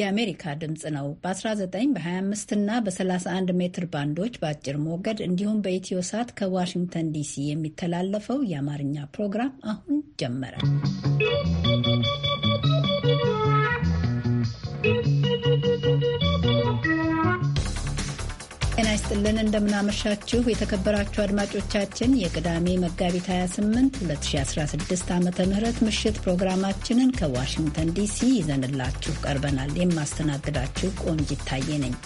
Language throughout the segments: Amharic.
የአሜሪካ ድምፅ ነው። በ19 በ25 እና በ31 ሜትር ባንዶች በአጭር ሞገድ እንዲሁም በኢትዮ ሳት ከዋሽንግተን ዲሲ የሚተላለፈው የአማርኛ ፕሮግራም አሁን ጀመረ። ይስጥልን እንደምናመሻችሁ የተከበራችሁ አድማጮቻችን የቅዳሜ መጋቢት 28 2016 ዓ ም ምሽት ፕሮግራማችንን ከዋሽንግተን ዲሲ ይዘንላችሁ ቀርበናል። የማስተናግዳችሁ ቆንጅ ይታየ ነኝ።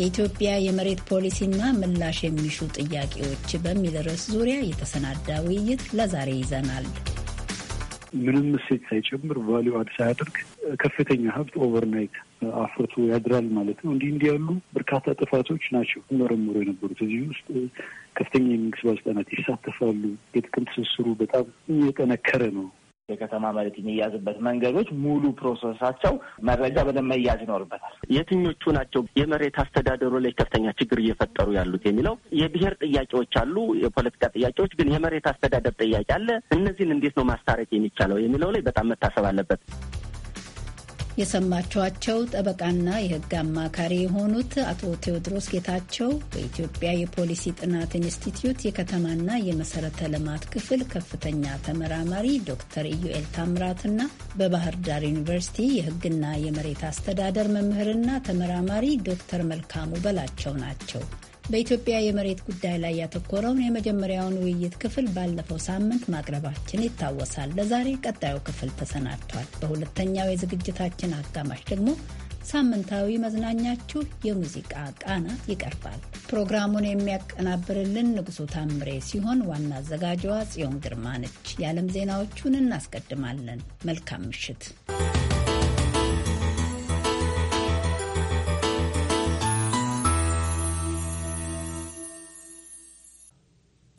የኢትዮጵያ የመሬት ፖሊሲና ምላሽ የሚሹ ጥያቄዎች በሚል ርዕስ ዙሪያ የተሰናዳ ውይይት ለዛሬ ይዘናል። ምንም እሴት ሳይጨምር ቫሊዩ አድ ሳያደርግ ከፍተኛ ሀብት ኦቨርናይት አፍርቶ ያድራል ማለት ነው። እንዲህ እንዲህ ያሉ በርካታ ጥፋቶች ናቸው መረምሮ የነበሩት። እዚህ ውስጥ ከፍተኛ የመንግስት ባለስልጣናት ይሳተፋሉ። የጥቅም ትስስሩ በጣም እየጠነከረ ነው የከተማ መሬት የሚያዝበት መንገዶች ሙሉ ፕሮሰሳቸው መረጃ በደንብ መያዝ ይኖርበታል። የትኞቹ ናቸው የመሬት አስተዳደሩ ላይ ከፍተኛ ችግር እየፈጠሩ ያሉት የሚለው የብሔር ጥያቄዎች አሉ፣ የፖለቲካ ጥያቄዎች ግን የመሬት አስተዳደር ጥያቄ አለ። እነዚህን እንዴት ነው ማስታረቅ የሚቻለው የሚለው ላይ በጣም መታሰብ አለበት። የሰማችኋቸው ጠበቃና የሕግ አማካሪ የሆኑት አቶ ቴዎድሮስ ጌታቸው በኢትዮጵያ የፖሊሲ ጥናት ኢንስቲትዩት የከተማና የመሰረተ ልማት ክፍል ከፍተኛ ተመራማሪ ዶክተር ኢዩኤል ታምራትና በባህር ዳር ዩኒቨርሲቲ የሕግና የመሬት አስተዳደር መምህርና ተመራማሪ ዶክተር መልካሙ በላቸው ናቸው። በኢትዮጵያ የመሬት ጉዳይ ላይ ያተኮረውን የመጀመሪያውን ውይይት ክፍል ባለፈው ሳምንት ማቅረባችን ይታወሳል። ለዛሬ ቀጣዩ ክፍል ተሰናድቷል። በሁለተኛው የዝግጅታችን አጋማሽ ደግሞ ሳምንታዊ መዝናኛችሁ የሙዚቃ ቃና ይቀርባል። ፕሮግራሙን የሚያቀናብርልን ንጉሱ ታምሬ ሲሆን ዋና አዘጋጇ ጽዮን ግርማ ነች። የዓለም ዜናዎቹን እናስቀድማለን። መልካም ምሽት።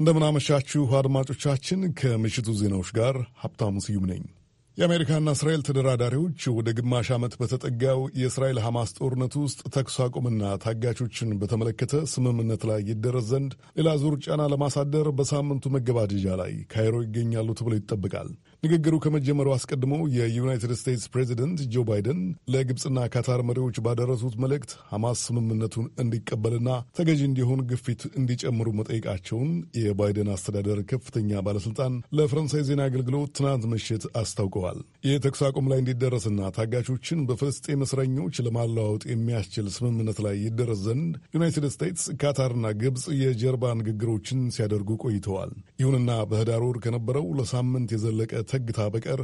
እንደምናመሻችሁ አድማጮቻችን፣ ከምሽቱ ዜናዎች ጋር ሀብታሙ ስዩም ነኝ። የአሜሪካና እስራኤል ተደራዳሪዎች ወደ ግማሽ ዓመት በተጠጋው የእስራኤል ሐማስ ጦርነት ውስጥ ተኩስ አቁምና ታጋቾችን በተመለከተ ስምምነት ላይ ይደረስ ዘንድ ሌላ ዙር ጫና ለማሳደር በሳምንቱ መገባደጃ ላይ ካይሮ ይገኛሉ ተብሎ ይጠበቃል። ንግግሩ ከመጀመሩ አስቀድሞ የዩናይትድ ስቴትስ ፕሬዚደንት ጆ ባይደን ለግብፅና ካታር መሪዎች ባደረሱት መልእክት ሐማስ ስምምነቱን እንዲቀበልና ተገዥ እንዲሆን ግፊት እንዲጨምሩ መጠየቃቸውን የባይደን አስተዳደር ከፍተኛ ባለስልጣን ለፈረንሳይ ዜና አገልግሎት ትናንት ምሽት አስታውቀዋል። የተኩስ አቁም ላይ እንዲደረስና ታጋቾችን በፍልስጤም እስረኞች ለማለዋወጥ የሚያስችል ስምምነት ላይ ይደረስ ዘንድ ዩናይትድ ስቴትስ፣ ካታርና ግብፅ የጀርባ ንግግሮችን ሲያደርጉ ቆይተዋል። ይሁንና በህዳር ወር ከነበረው ለሳምንት የዘለቀ ሰግታ በቀር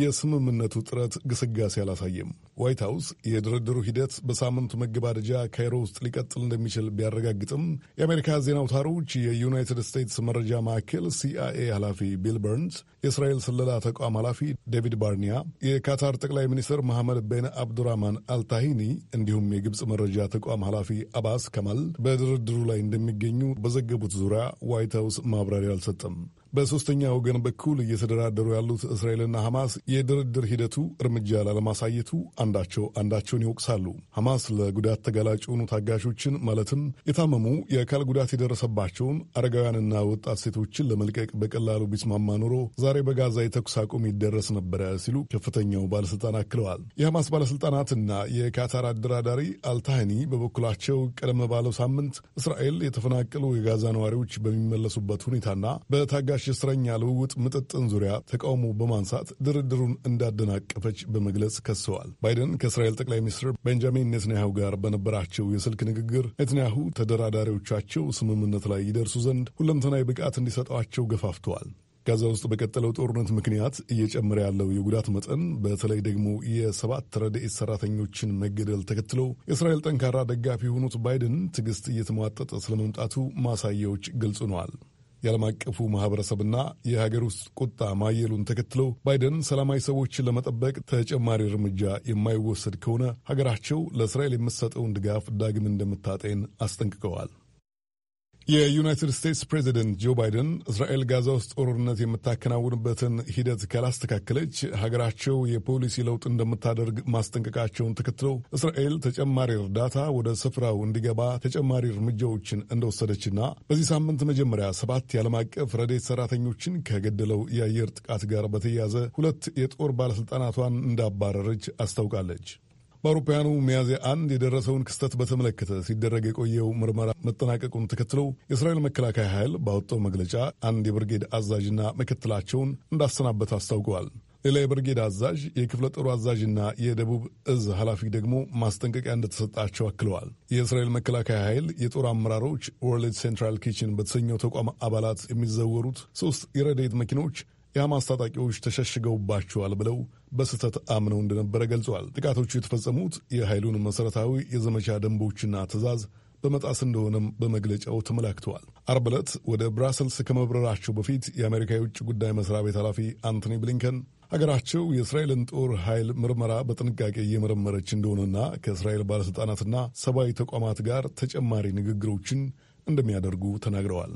የስምምነቱ ጥረት ግስጋሴ አላሳየም። ዋይት ሀውስ የድርድሩ ሂደት በሳምንቱ መገባደጃ ካይሮ ውስጥ ሊቀጥል እንደሚችል ቢያረጋግጥም የአሜሪካ ዜና አውታሮች የዩናይትድ ስቴትስ መረጃ ማዕከል ሲአይኤ ኃላፊ ቢል በርንስ፣ የእስራኤል ስለላ ተቋም ኃላፊ ዴቪድ ባርኒያ፣ የካታር ጠቅላይ ሚኒስትር መሐመድ ቤን አብዱራማን አልታሂኒ እንዲሁም የግብፅ መረጃ ተቋም ኃላፊ አባስ ከማል በድርድሩ ላይ እንደሚገኙ በዘገቡት ዙሪያ ዋይት ሀውስ ማብራሪያ አልሰጠም። በሶስተኛ ወገን በኩል እየተደራደሩ ያሉት እስራኤልና ሐማስ የድርድር ሂደቱ እርምጃ ላለማሳየቱ አንዳቸው አንዳቸውን ይወቅሳሉ። ሐማስ ለጉዳት ተጋላጭ የሆኑ ታጋሾችን ማለትም የታመሙ፣ የአካል ጉዳት የደረሰባቸውን አረጋውያንና ወጣት ሴቶችን ለመልቀቅ በቀላሉ ቢስማማ ኖሮ ዛሬ በጋዛ የተኩስ አቁም ይደረስ ነበረ ሲሉ ከፍተኛው ባለሥልጣን አክለዋል። የሐማስ ባለሥልጣናትና የካታር አደራዳሪ አልታህኒ በበኩላቸው ቀደም ባለው ሳምንት እስራኤል የተፈናቀሉ የጋዛ ነዋሪዎች በሚመለሱበት ሁኔታና በታጋሽ የአዳራሽ እስረኛ ልውውጥ ምጥጥን ዙሪያ ተቃውሞ በማንሳት ድርድሩን እንዳደናቀፈች በመግለጽ ከሰዋል። ባይደን ከእስራኤል ጠቅላይ ሚኒስትር ቤንጃሚን ኔትንያሁ ጋር በነበራቸው የስልክ ንግግር ኔትንያሁ ተደራዳሪዎቻቸው ስምምነት ላይ ይደርሱ ዘንድ ሁለንተናዊ ብቃት እንዲሰጧቸው ገፋፍተዋል። ጋዛ ውስጥ በቀጠለው ጦርነት ምክንያት እየጨመረ ያለው የጉዳት መጠን በተለይ ደግሞ የሰባት ረድኤት ሰራተኞችን መገደል ተከትለው የእስራኤል ጠንካራ ደጋፊ የሆኑት ባይደን ትዕግስት እየተሟጠጠ ስለመምጣቱ ማሳያዎች ግልጽ ነዋል። የዓለም አቀፉ ማህበረሰብና የሀገር ውስጥ ቁጣ ማየሉን ተከትለው ባይደን ሰላማዊ ሰዎችን ለመጠበቅ ተጨማሪ እርምጃ የማይወሰድ ከሆነ ሀገራቸው ለእስራኤል የምትሰጠውን ድጋፍ ዳግም እንደምታጤን አስጠንቅቀዋል። የዩናይትድ ስቴትስ ፕሬዚደንት ጆ ባይደን እስራኤል ጋዛ ውስጥ ጦርነት የምታከናውንበትን ሂደት ካላስተካከለች ሀገራቸው የፖሊሲ ለውጥ እንደምታደርግ ማስጠንቀቃቸውን ተከትለው እስራኤል ተጨማሪ እርዳታ ወደ ስፍራው እንዲገባ ተጨማሪ እርምጃዎችን እንደወሰደችና በዚህ ሳምንት መጀመሪያ ሰባት የዓለም አቀፍ ረዴት ሰራተኞችን ከገደለው የአየር ጥቃት ጋር በተያያዘ ሁለት የጦር ባለሥልጣናቷን እንዳባረረች አስታውቃለች። በአውሮፓውያኑ ሚያዝያ አንድ የደረሰውን ክስተት በተመለከተ ሲደረግ የቆየው ምርመራ መጠናቀቁን ተከትሎ የእስራኤል መከላከያ ኃይል ባወጣው መግለጫ አንድ የብርጌድ አዛዥና ምክትላቸውን እንዳሰናበት አስታውቀዋል። ሌላ የብርጌድ አዛዥ፣ የክፍለ ጦሩ አዛዥና የደቡብ እዝ ኃላፊ ደግሞ ማስጠንቀቂያ እንደተሰጣቸው አክለዋል። የእስራኤል መከላከያ ኃይል የጦር አመራሮች ወርልድ ሴንትራል ኪችን በተሰኘው ተቋም አባላት የሚዘወሩት ሶስት የረድኤት መኪኖች የሐማስ ታጣቂዎች ተሸሽገውባቸዋል ብለው በስህተት አምነው እንደነበረ ገልጸዋል። ጥቃቶቹ የተፈጸሙት የኃይሉን መሠረታዊ የዘመቻ ደንቦችና ትዕዛዝ በመጣስ እንደሆነም በመግለጫው ተመላክተዋል። አርብ ዕለት ወደ ብራሰልስ ከመብረራቸው በፊት የአሜሪካ የውጭ ጉዳይ መስሪያ ቤት ኃላፊ አንቶኒ ብሊንከን ሀገራቸው የእስራኤልን ጦር ኃይል ምርመራ በጥንቃቄ እየመረመረች እንደሆነና ከእስራኤል ባለሥልጣናትና ሰብአዊ ተቋማት ጋር ተጨማሪ ንግግሮችን እንደሚያደርጉ ተናግረዋል።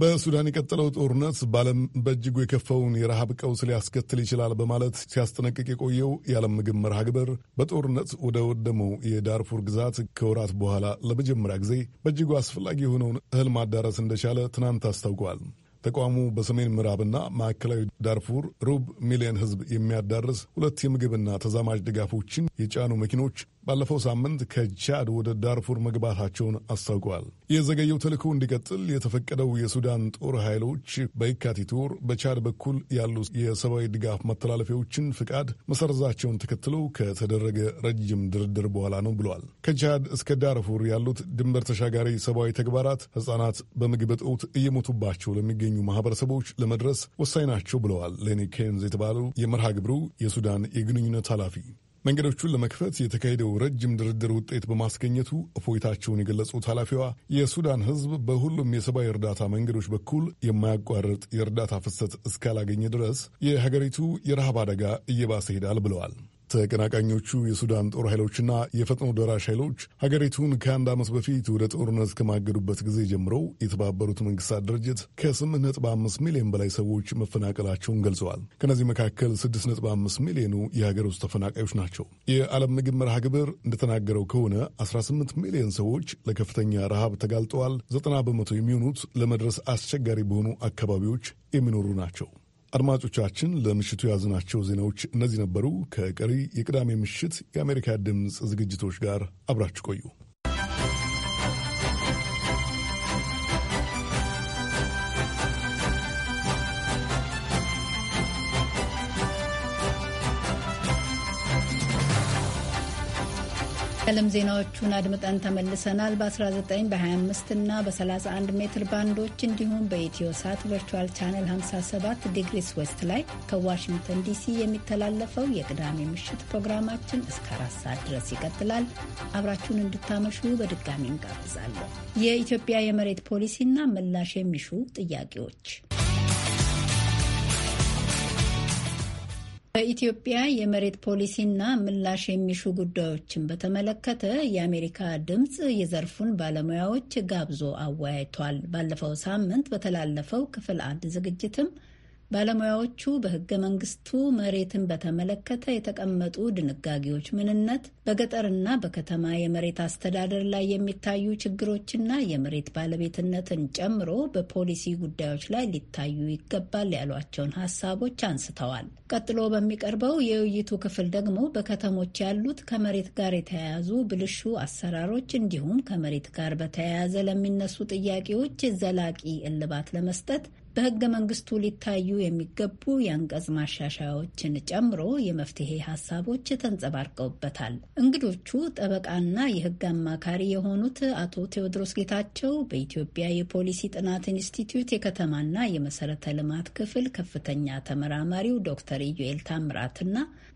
በሱዳን የቀጠለው ጦርነት በዓለም በእጅጉ የከፈውን የረሃብ ቀውስ ሊያስከትል ይችላል በማለት ሲያስጠነቅቅ የቆየው የዓለም ምግብ መርሃ ግብር በጦርነት ወደ ወደመው የዳርፉር ግዛት ከወራት በኋላ ለመጀመሪያ ጊዜ በእጅጉ አስፈላጊ የሆነውን እህል ማዳረስ እንደቻለ ትናንት አስታውቋል። ተቋሙ በሰሜን ምዕራብና ማዕከላዊ ዳርፉር ሩብ ሚሊዮን ሕዝብ የሚያዳርስ ሁለት የምግብና ተዛማጅ ድጋፎችን የጫኑ መኪኖች ባለፈው ሳምንት ከቻድ ወደ ዳርፉር መግባታቸውን አስታውቀዋል። የዘገየው ተልዕኮ እንዲቀጥል የተፈቀደው የሱዳን ጦር ኃይሎች በየካቲት ወር በቻድ በኩል ያሉ የሰብአዊ ድጋፍ ማተላለፊያዎችን ፍቃድ መሰረዛቸውን ተከትሎ ከተደረገ ረጅም ድርድር በኋላ ነው ብለዋል። ከቻድ እስከ ዳርፉር ያሉት ድንበር ተሻጋሪ ሰብአዊ ተግባራት ሕጻናት በምግብ እጦት እየሞቱባቸው ለሚገኙ ማህበረሰቦች ለመድረስ ወሳኝ ናቸው ብለዋል። ሌኒ ኬንዝ የተባሉ የመርሃ ግብሩ የሱዳን የግንኙነት ኃላፊ መንገዶቹን ለመክፈት የተካሄደው ረጅም ድርድር ውጤት በማስገኘቱ እፎይታቸውን የገለጹት ኃላፊዋ የሱዳን ሕዝብ በሁሉም የሰብአዊ እርዳታ መንገዶች በኩል የማያቋርጥ የእርዳታ ፍሰት እስካላገኘ ድረስ የሀገሪቱ የረሃብ አደጋ እየባሰ ሄዳል ብለዋል። ተቀናቃኞቹ የሱዳን ጦር ኃይሎችና የፈጥኖ ደራሽ ኃይሎች ሀገሪቱን ከአንድ ዓመት በፊት ወደ ጦርነት ከማገዱበት ጊዜ ጀምሮ የተባበሩት መንግስታት ድርጅት ከ8.5 ሚሊዮን በላይ ሰዎች መፈናቀላቸውን ገልጸዋል። ከነዚህ መካከል 6.5 ሚሊዮኑ የሀገር ውስጥ ተፈናቃዮች ናቸው። የዓለም ምግብ መርሃ ግብር እንደተናገረው ከሆነ 18 ሚሊዮን ሰዎች ለከፍተኛ ረሃብ ተጋልጠዋል። 90 በመቶ የሚሆኑት ለመድረስ አስቸጋሪ በሆኑ አካባቢዎች የሚኖሩ ናቸው። አድማጮቻችን ለምሽቱ የያዝናቸው ዜናዎች እነዚህ ነበሩ። ከቀሪ የቅዳሜ ምሽት የአሜሪካ ድምፅ ዝግጅቶች ጋር አብራችሁ ቆዩ። የዓለም ዜናዎቹን አድምጠን ተመልሰናል። በ19 በ25 እና በ31 ሜትር ባንዶች እንዲሁም በኢትዮ ሳት ቨርቹዋል ቻነል 57 ዲግሪስ ዌስት ላይ ከዋሽንግተን ዲሲ የሚተላለፈው የቅዳሜ ምሽት ፕሮግራማችን እስከ አራት ሰዓት ድረስ ይቀጥላል። አብራችሁን እንድታመሹ በድጋሚ እንጋብዛለን። የኢትዮጵያ የመሬት ፖሊሲና ምላሽ የሚሹ ጥያቄዎች በኢትዮጵያ የመሬት ፖሊሲና ምላሽ የሚሹ ጉዳዮችን በተመለከተ የአሜሪካ ድምፅ የዘርፉን ባለሙያዎች ጋብዞ አወያይቷል። ባለፈው ሳምንት በተላለፈው ክፍል አንድ ዝግጅትም ባለሙያዎቹ በህገ መንግስቱ መሬትን በተመለከተ የተቀመጡ ድንጋጌዎች ምንነት፣ በገጠርና በከተማ የመሬት አስተዳደር ላይ የሚታዩ ችግሮችና የመሬት ባለቤትነትን ጨምሮ በፖሊሲ ጉዳዮች ላይ ሊታዩ ይገባል ያሏቸውን ሀሳቦች አንስተዋል። ቀጥሎ በሚቀርበው የውይይቱ ክፍል ደግሞ በከተሞች ያሉት ከመሬት ጋር የተያያዙ ብልሹ አሰራሮች እንዲሁም ከመሬት ጋር በተያያዘ ለሚነሱ ጥያቄዎች ዘላቂ እልባት ለመስጠት በህገ መንግስቱ ሊታዩ የሚገቡ የአንቀጽ ማሻሻያዎችን ጨምሮ የመፍትሄ ሀሳቦች ተንጸባርቀውበታል። እንግዶቹ ጠበቃና የህግ አማካሪ የሆኑት አቶ ቴዎድሮስ ጌታቸው በኢትዮጵያ የፖሊሲ ጥናት ኢንስቲትዩት የከተማና የመሰረተ ልማት ክፍል ከፍተኛ ተመራማሪው ዶክተር ኢዩኤል ታምራትና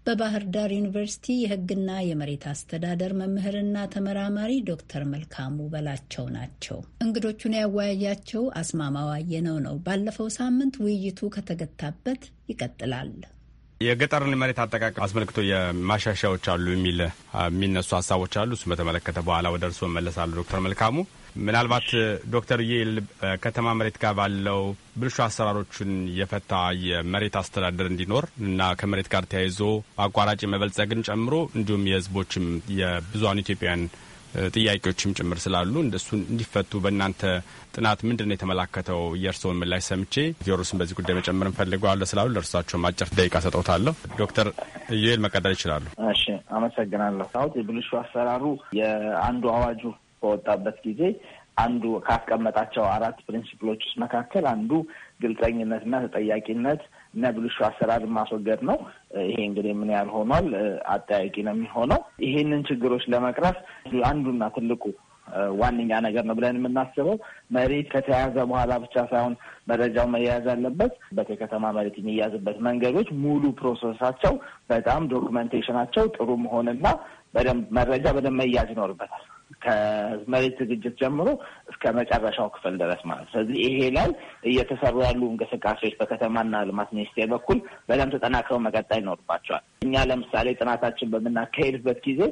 በባህር ዳር ዩኒቨርሲቲ የህግና የመሬት አስተዳደር መምህርና ተመራማሪ ዶክተር መልካሙ በላቸው ናቸው። እንግዶቹን ያወያያቸው አስማማዋየነው ነው ባለ ባለፈው ሳምንት ውይይቱ ከተገታበት ይቀጥላል። የገጠርን መሬት አጠቃቀም አስመልክቶ የማሻሻያዎች አሉ የሚል የሚነሱ ሀሳቦች አሉ። እሱን በተመለከተ በኋላ ወደ እርስዎ መለሳሉ። ዶክተር መልካሙ ምናልባት ዶክተር ዬ ከተማ መሬት ጋር ባለው ብልሹ አሰራሮችን የፈታ የመሬት አስተዳደር እንዲኖር እና ከመሬት ጋር ተያይዞ አቋራጭ መበልጸግን ጨምሮ እንዲሁም የህዝቦችም የብዙሀኑ ኢትዮጵያውያን ጥያቄዎችም ጭምር ስላሉ እንደሱ እንዲፈቱ በእናንተ ጥናት ምንድን ነው የተመላከተው? የእርስዎን ምላሽ ሰምቼ ቪዮሩስን በዚህ ጉዳይ መጨመር እንፈልገዋለ ስላሉ ለእርሳቸውም አጭር ደቂቃ ሰጠውታለሁ። ዶክተር ዩኤል መቀጠል ይችላሉ። እሺ፣ አመሰግናለሁ። ታውጥ የብልሹ አሰራሩ የአንዱ አዋጁ በወጣበት ጊዜ አንዱ ካስቀመጣቸው አራት ፕሪንሲፕሎች ውስጥ መካከል አንዱ ግልጸኝነትና ተጠያቂነት እና ብልሹ አሰራር ማስወገድ ነው። ይሄ እንግዲህ ምን ያህል ሆኗል አጠያቂ ነው የሚሆነው። ይሄንን ችግሮች ለመቅረፍ አንዱና ትልቁ ዋነኛ ነገር ነው ብለን የምናስበው መሬት ከተያዘ በኋላ ብቻ ሳይሆን መረጃው መያያዝ አለበት። በከተማ መሬት የሚያዝበት መንገዶች ሙሉ ፕሮሰሳቸው በጣም ዶክመንቴሽናቸው ጥሩ መሆንና በደንብ መረጃ በደንብ መያዝ ይኖርበታል። ከመሬት ዝግጅት ጀምሮ እስከ መጨረሻው ክፍል ድረስ ማለት። ስለዚህ ይሄ ላይ እየተሰሩ ያሉ እንቅስቃሴዎች በከተማና ልማት ሚኒስቴር በኩል በደንብ ተጠናክረው መቀጠል ይኖርባቸዋል። እኛ ለምሳሌ ጥናታችን በምናካሄድበት ጊዜ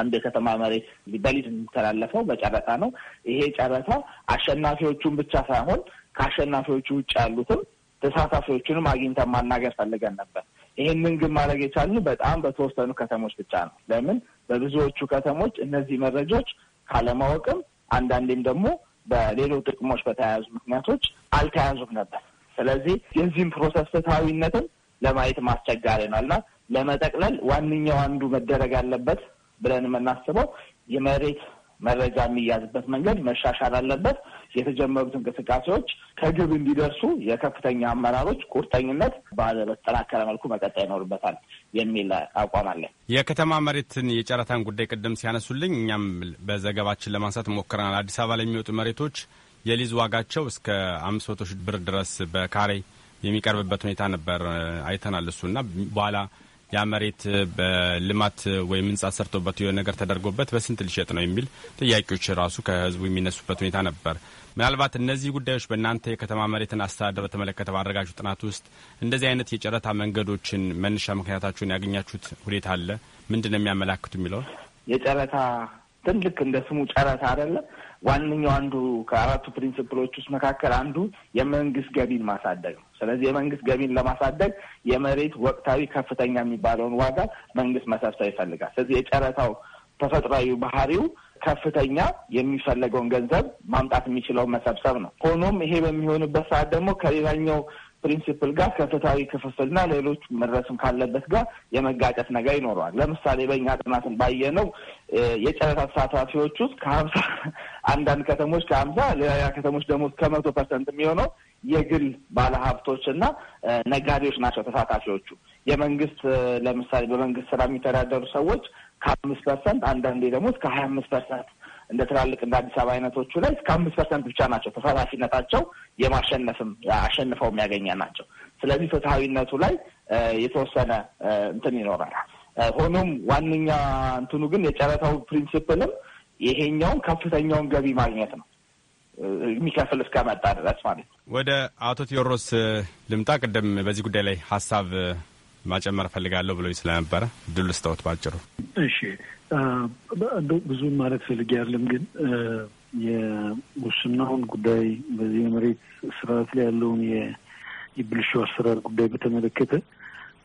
አንዱ የከተማ መሬት በሊዝ የሚተላለፈው በጨረታ ነው። ይሄ ጨረታ አሸናፊዎቹን ብቻ ሳይሆን ከአሸናፊዎቹ ውጭ ያሉትም ተሳታፊዎቹንም አግኝተን ማናገር ፈልገን ነበር። ይህንን ግን ማድረግ የቻልን በጣም በተወሰኑ ከተሞች ብቻ ነው። ለምን? በብዙዎቹ ከተሞች እነዚህ መረጃዎች ካለማወቅም አንዳንዴም ደግሞ በሌሎች ጥቅሞች በተያያዙ ምክንያቶች አልተያዙም ነበር። ስለዚህ የዚህም ፕሮሰስ ፍትሐዊነትን ለማየት ማስቸጋሪ ነው እና ለመጠቅለል ዋነኛው አንዱ መደረግ አለበት ብለን የምናስበው የመሬት መረጃ የሚያዝበት መንገድ መሻሻል አለበት። የተጀመሩት እንቅስቃሴዎች ከግብ እንዲደርሱ የከፍተኛ አመራሮች ቁርጠኝነት በተጠናከረ መልኩ መቀጠል ይኖርበታል የሚል አቋም አለ የከተማ መሬትን የጨረታን ጉዳይ ቅድም ሲያነሱልኝ እኛም በዘገባችን ለማንሳት ሞክረናል። አዲስ አበባ ለሚወጡ መሬቶች የሊዝ ዋጋቸው እስከ አምስት መቶ ሺህ ብር ድረስ በካሬ የሚቀርብበት ሁኔታ ነበር። አይተናል። እሱና በኋላ ያ መሬት በልማት ወይም ህንጻ ሰርቶበት የሆነ ነገር ተደርጎበት በስንት ሊሸጥ ነው የሚል ጥያቄዎች ራሱ ከህዝቡ የሚነሱበት ሁኔታ ነበር። ምናልባት እነዚህ ጉዳዮች በእናንተ የከተማ መሬትን አስተዳደር በተመለከተ ባደረጋችሁ ጥናት ውስጥ እንደዚህ አይነት የጨረታ መንገዶችን መነሻ ምክንያታችሁን ያገኛችሁት ሁኔታ አለ? ምንድን ነው የሚያመላክቱ የሚለውን የጨረታ ትልቅ እንደ ስሙ ጨረታ አይደለም ዋነኛው አንዱ ከአራቱ ፕሪንስፕሎች ውስጥ መካከል አንዱ የመንግስት ገቢን ማሳደግ ነው። ስለዚህ የመንግስት ገቢን ለማሳደግ የመሬት ወቅታዊ ከፍተኛ የሚባለውን ዋጋ መንግስት መሰብሰብ ይፈልጋል። ስለዚህ የጨረታው ተፈጥሯዊ ባህሪው ከፍተኛ የሚፈለገውን ገንዘብ ማምጣት የሚችለውን መሰብሰብ ነው። ሆኖም ይሄ በሚሆንበት ሰዓት ደግሞ ከሌላኛው ፕሪንሲፕል ጋር ከፍትሃዊ ክፍፍል ሌሎች መድረስም ካለበት ጋር የመጋጨት ነገር ይኖረዋል። ለምሳሌ በእኛ ጥናትን ባየነው የጨረታ ተሳታፊዎች ውስጥ ከሀምሳ አንዳንድ ከተሞች ከሀምሳ ሌላ ከተሞች ደግሞ ከመቶ ፐርሰንት የሚሆነው የግል ባለሀብቶች እና ነጋዴዎች ናቸው ተሳታፊዎቹ። የመንግስት ለምሳሌ በመንግስት ስራ የሚተዳደሩ ሰዎች ከአምስት ፐርሰንት አንዳንዴ ደግሞ እስከ ሀያ አምስት ፐርሰንት እንደ ትላልቅ እንደ አዲስ አበባ አይነቶቹ ላይ እስከ አምስት ፐርሰንት ብቻ ናቸው ተሳታፊነታቸው የማሸነፍም አሸንፈው የሚያገኘ ናቸው። ስለዚህ ፍትሐዊነቱ ላይ የተወሰነ እንትን ይኖራል። ሆኖም ዋነኛ እንትኑ ግን የጨረታው ፕሪንስፕልም ይሄኛውን ከፍተኛውን ገቢ ማግኘት ነው የሚከፍል እስከ መጣ ድረስ ማለት ነው። ወደ አቶ ቴዎድሮስ ልምጣ። ቅድም በዚህ ጉዳይ ላይ ሀሳብ ማጨመር ፈልጋለሁ ብሎኝ ስለነበረ ድል ስተውት ባጭሩ። እሺ ብዙም ማለት ፈልግ ያለም ግን የሙስናውን ጉዳይ በዚህ የመሬት ስርዓት ላይ ያለውን የብልሹ አሰራር ጉዳይ በተመለከተ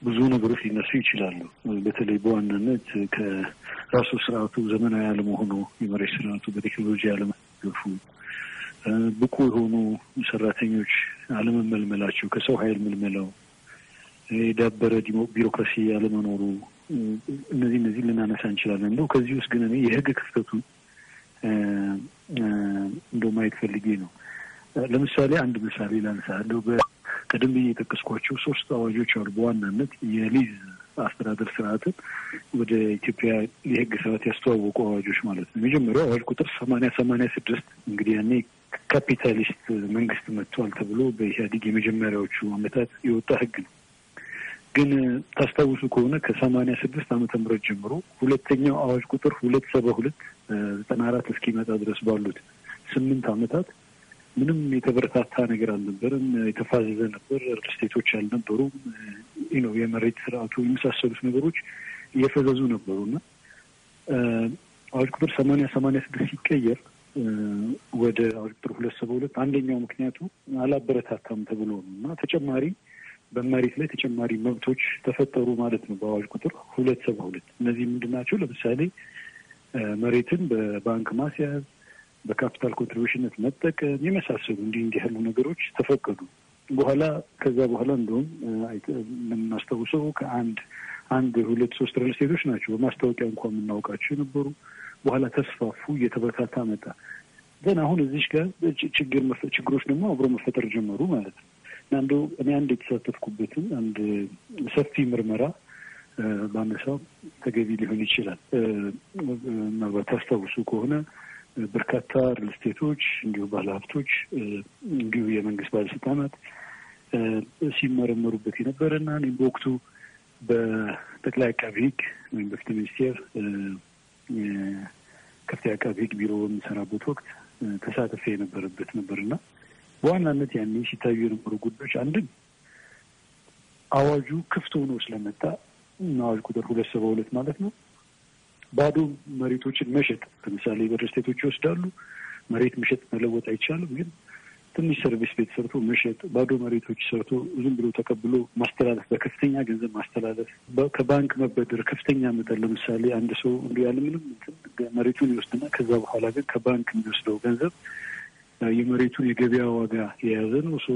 ብዙ ነገሮች ሊነሱ ይችላሉ። በተለይ በዋናነት ከራሱ ስርዓቱ ዘመናዊ አለመሆኑ፣ የመሬት ስርዓቱ በቴክኖሎጂ አለመገፉ፣ ብቁ የሆኑ ሰራተኞች አለመመልመላቸው፣ ከሰው ኃይል ምልመላው የዳበረ ቢሮክራሲ ያለመኖሩ እነዚህ እነዚህ ልናነሳ እንችላለን። እንደው ከዚህ ውስጥ ግን እኔ የህግ ክፍተቱን እንደው ማየት ፈልጌ ነው። ለምሳሌ አንድ ምሳሌ ላንሳ። እንደው በቀደም ብዬ የጠቀስኳቸው ሶስት አዋጆች አሉ። በዋናነት የሊዝ አስተዳደር ስርዓትን ወደ ኢትዮጵያ የህግ ስርዓት ያስተዋወቁ አዋጆች ማለት ነው። የመጀመሪያው አዋጅ ቁጥር ሰማንያ ሰማንያ ስድስት እንግዲህ ያኔ ካፒታሊስት መንግስት መጥቷል ተብሎ በኢህአዴግ የመጀመሪያዎቹ አመታት የወጣ ህግ ነው። ግን ታስታውሱ ከሆነ ከሰማኒያ ስድስት ዓመተ ምህረት ጀምሮ ሁለተኛው አዋጅ ቁጥር ሁለት ሰባ ሁለት ዘጠና አራት እስኪመጣ ድረስ ባሉት ስምንት ዓመታት ምንም የተበረታታ ነገር አልነበረም። የተፋዘዘ ነበር። ርስቴቶች አልነበሩም። ነው የመሬት ስርዓቱ የመሳሰሉት ነገሮች እየፈዘዙ ነበሩ እና አዋጅ ቁጥር ሰማኒያ ሰማኒያ ስድስት ሲቀየር ወደ አዋጅ ቁጥር ሁለት ሰባ ሁለት አንደኛው ምክንያቱ አላበረታታም ተብሎ ነው እና ተጨማሪ በመሬት ላይ ተጨማሪ መብቶች ተፈጠሩ ማለት ነው። በአዋጅ ቁጥር ሁለት ሰባ ሁለት እነዚህ ምንድን ናቸው? ለምሳሌ መሬትን በባንክ ማስያዝ፣ በካፒታል ኮንትሪቢሽንነት መጠቀም የመሳሰሉ እንዲህ እንዲህ ያሉ ነገሮች ተፈቀዱ። በኋላ ከዛ በኋላ እንደውም የምናስታውሰው ከአንድ አንድ ሁለት ሶስት ሪል ናቸው በማስታወቂያ እንኳ የምናውቃቸው የነበሩ በኋላ ተስፋፉ፣ እየተበታታ መጣ። ዘን አሁን እዚሽ ጋር ችግሮች ደግሞ አብሮ መፈጠር ጀመሩ ማለት ነው። አንዱ እኔ አንድ የተሳተፍኩበትን አንድ ሰፊ ምርመራ ባነሳው ተገቢ ሊሆን ይችላል። ምናልባት ታስታውሱ ከሆነ በርካታ ሪልስቴቶች እንዲሁ ባለሀብቶች እንዲሁ የመንግስት ባለስልጣናት ሲመረመሩበት የነበረ የነበረና እኔም በወቅቱ በጠቅላይ አቃቢ ሕግ ወይም በፍትህ ሚኒስቴር ከፍተኛ አቃቢ ሕግ ቢሮ በምሰራበት ወቅት ተሳተፌ የነበረበት ነበር ነበርና በዋናነት ያኔ ሲታዩ የነበሩ ጉዳዮች አንድም አዋጁ ክፍት ሆኖ ስለመጣ አዋጅ ቁጥር ሁለት ሰባ ሁለት ማለት ነው። ባዶ መሬቶችን መሸጥ ለምሳሌ የበር ስቴቶች ይወስዳሉ። መሬት መሸጥ መለወጥ አይቻልም፣ ግን ትንሽ ሰርቪስ ቤት ሰርቶ መሸጥ፣ ባዶ መሬቶች ሰርቶ ዝም ብሎ ተቀብሎ ማስተላለፍ፣ በከፍተኛ ገንዘብ ማስተላለፍ፣ ከባንክ መበደር ከፍተኛ መጠን። ለምሳሌ አንድ ሰው እንዲ ያለምንም መሬቱን ይወስድና ከዛ በኋላ ግን ከባንክ የሚወስደው ገንዘብ የመሬቱን የገበያ ዋጋ የያዘ ነው። ሶ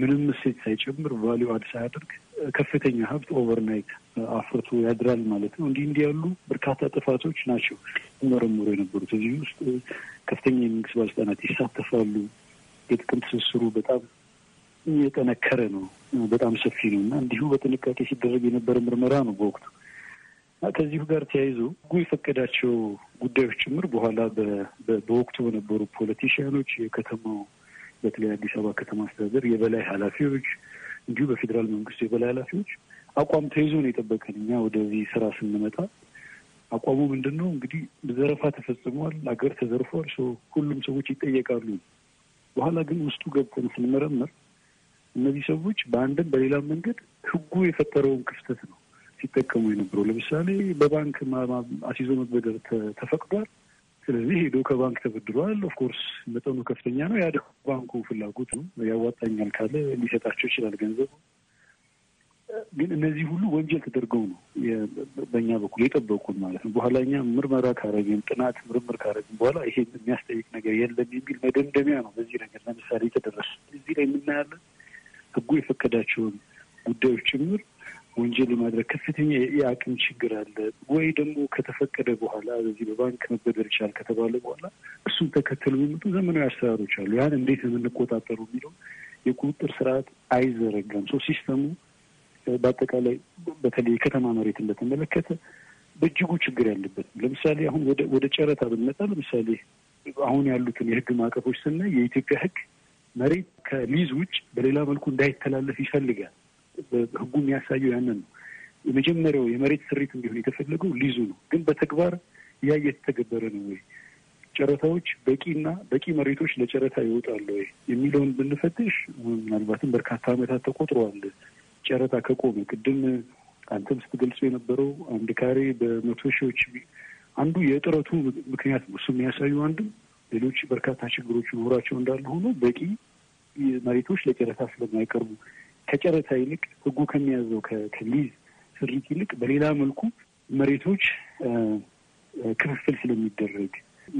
ምንም እሴት ሳይጨምር ቫሊዩ አድ ሳያደርግ ከፍተኛ ሀብት ኦቨርናይት አፍርቶ ያድራል ማለት ነው። እንዲህ እንዲህ ያሉ በርካታ ጥፋቶች ናቸው መረምሮ የነበሩት። እዚህ ውስጥ ከፍተኛ የመንግስት ባለስልጣናት ይሳተፋሉ። የጥቅም ትስስሩ በጣም የጠነከረ ነው፣ በጣም ሰፊ ነው እና እንዲሁ በጥንቃቄ ሲደረግ የነበረ ምርመራ ነው በወቅቱ ከዚሁ ጋር ተያይዞ ህጉ የፈቀዳቸው ጉዳዮች ጭምር በኋላ በወቅቱ በነበሩ ፖለቲሽያኖች፣ የከተማው በተለይ አዲስ አበባ ከተማ አስተዳደር የበላይ ኃላፊዎች እንዲሁ በፌዴራል መንግስቱ የበላይ ኃላፊዎች አቋም ተይዞ ነው የጠበቀን። እኛ ወደዚህ ስራ ስንመጣ አቋሙ ምንድን ነው? እንግዲህ ዘረፋ ተፈጽሟል፣ አገር ተዘርፏል፣ ሁሉም ሰዎች ይጠየቃሉ። በኋላ ግን ውስጡ ገብተን ስንመረመር እነዚህ ሰዎች በአንድም በሌላም መንገድ ህጉ የፈጠረውን ክፍተት ነው ሲጠቀሙ የነበረው። ለምሳሌ በባንክ አስይዞ መበደር ተፈቅዷል። ስለዚህ ሄዶ ከባንክ ተበድሯል ኦፍኮርስ መጠኑ ከፍተኛ ነው። ያ ባንኩ ፍላጎት ነው። ያዋጣኛል ካለ ሊሰጣቸው ይችላል ገንዘቡ። ግን እነዚህ ሁሉ ወንጀል ተደርገው ነው በእኛ በኩል የጠበቁን ማለት ነው። በኋላ እኛ ምርመራ ካረግን ጥናት ምርምር ካረግን በኋላ ይሄ የሚያስጠይቅ ነገር የለም የሚል መደምደሚያ ነው በዚህ ነገር ለምሳሌ የተደረሰ እዚህ ላይ የምናያለን ህጉ የፈቀዳቸውን ጉዳዮች ጭምር ወንጀል የማድረግ ከፍተኛ የአቅም ችግር አለ ወይ ደግሞ ከተፈቀደ በኋላ በዚህ በባንክ መበደር ይቻል ከተባለ በኋላ እሱን ተከተሉ የሚመጡ ዘመናዊ አሰራሮች አሉ። ያን እንዴት ነው የምንቆጣጠሩ የሚለው የቁጥጥር ስርዓት አይዘረጋም። ሰው ሲስተሙ በአጠቃላይ በተለይ የከተማ መሬት እንደተመለከተ በእጅጉ ችግር ያለበት ለምሳሌ አሁን ወደ ጨረታ ብንመጣ ለምሳሌ አሁን ያሉትን የህግ ማዕቀፎች ስናይ የኢትዮጵያ ህግ መሬት ከሊዝ ውጭ በሌላ መልኩ እንዳይተላለፍ ይፈልጋል። ህጉ የሚያሳየው ያንን ነው። የመጀመሪያው የመሬት ስሪት እንዲሆን የተፈለገው ሊዙ ነው። ግን በተግባር ያ እየተተገበረ ነው ወይ? ጨረታዎች በቂና በቂ መሬቶች ለጨረታ ይወጣሉ ወይ የሚለውን ብንፈትሽ ምናልባትም በርካታ ዓመታት ተቆጥረዋል። ጨረታ ከቆመ ቅድም አንተም ስትገልጹ የነበረው አንድ ካሬ በመቶ ሺዎች አንዱ የጥረቱ ምክንያት ነው። እሱ የሚያሳዩ አንዱ ሌሎች በርካታ ችግሮች ኖራቸው እንዳለ ሆኖ በቂ መሬቶች ለጨረታ ስለማይቀርቡ ከጨረታ ይልቅ ህጉ ከሚያዘው ከሊዝ ስሪት ይልቅ በሌላ መልኩ መሬቶች ክፍፍል ስለሚደረግ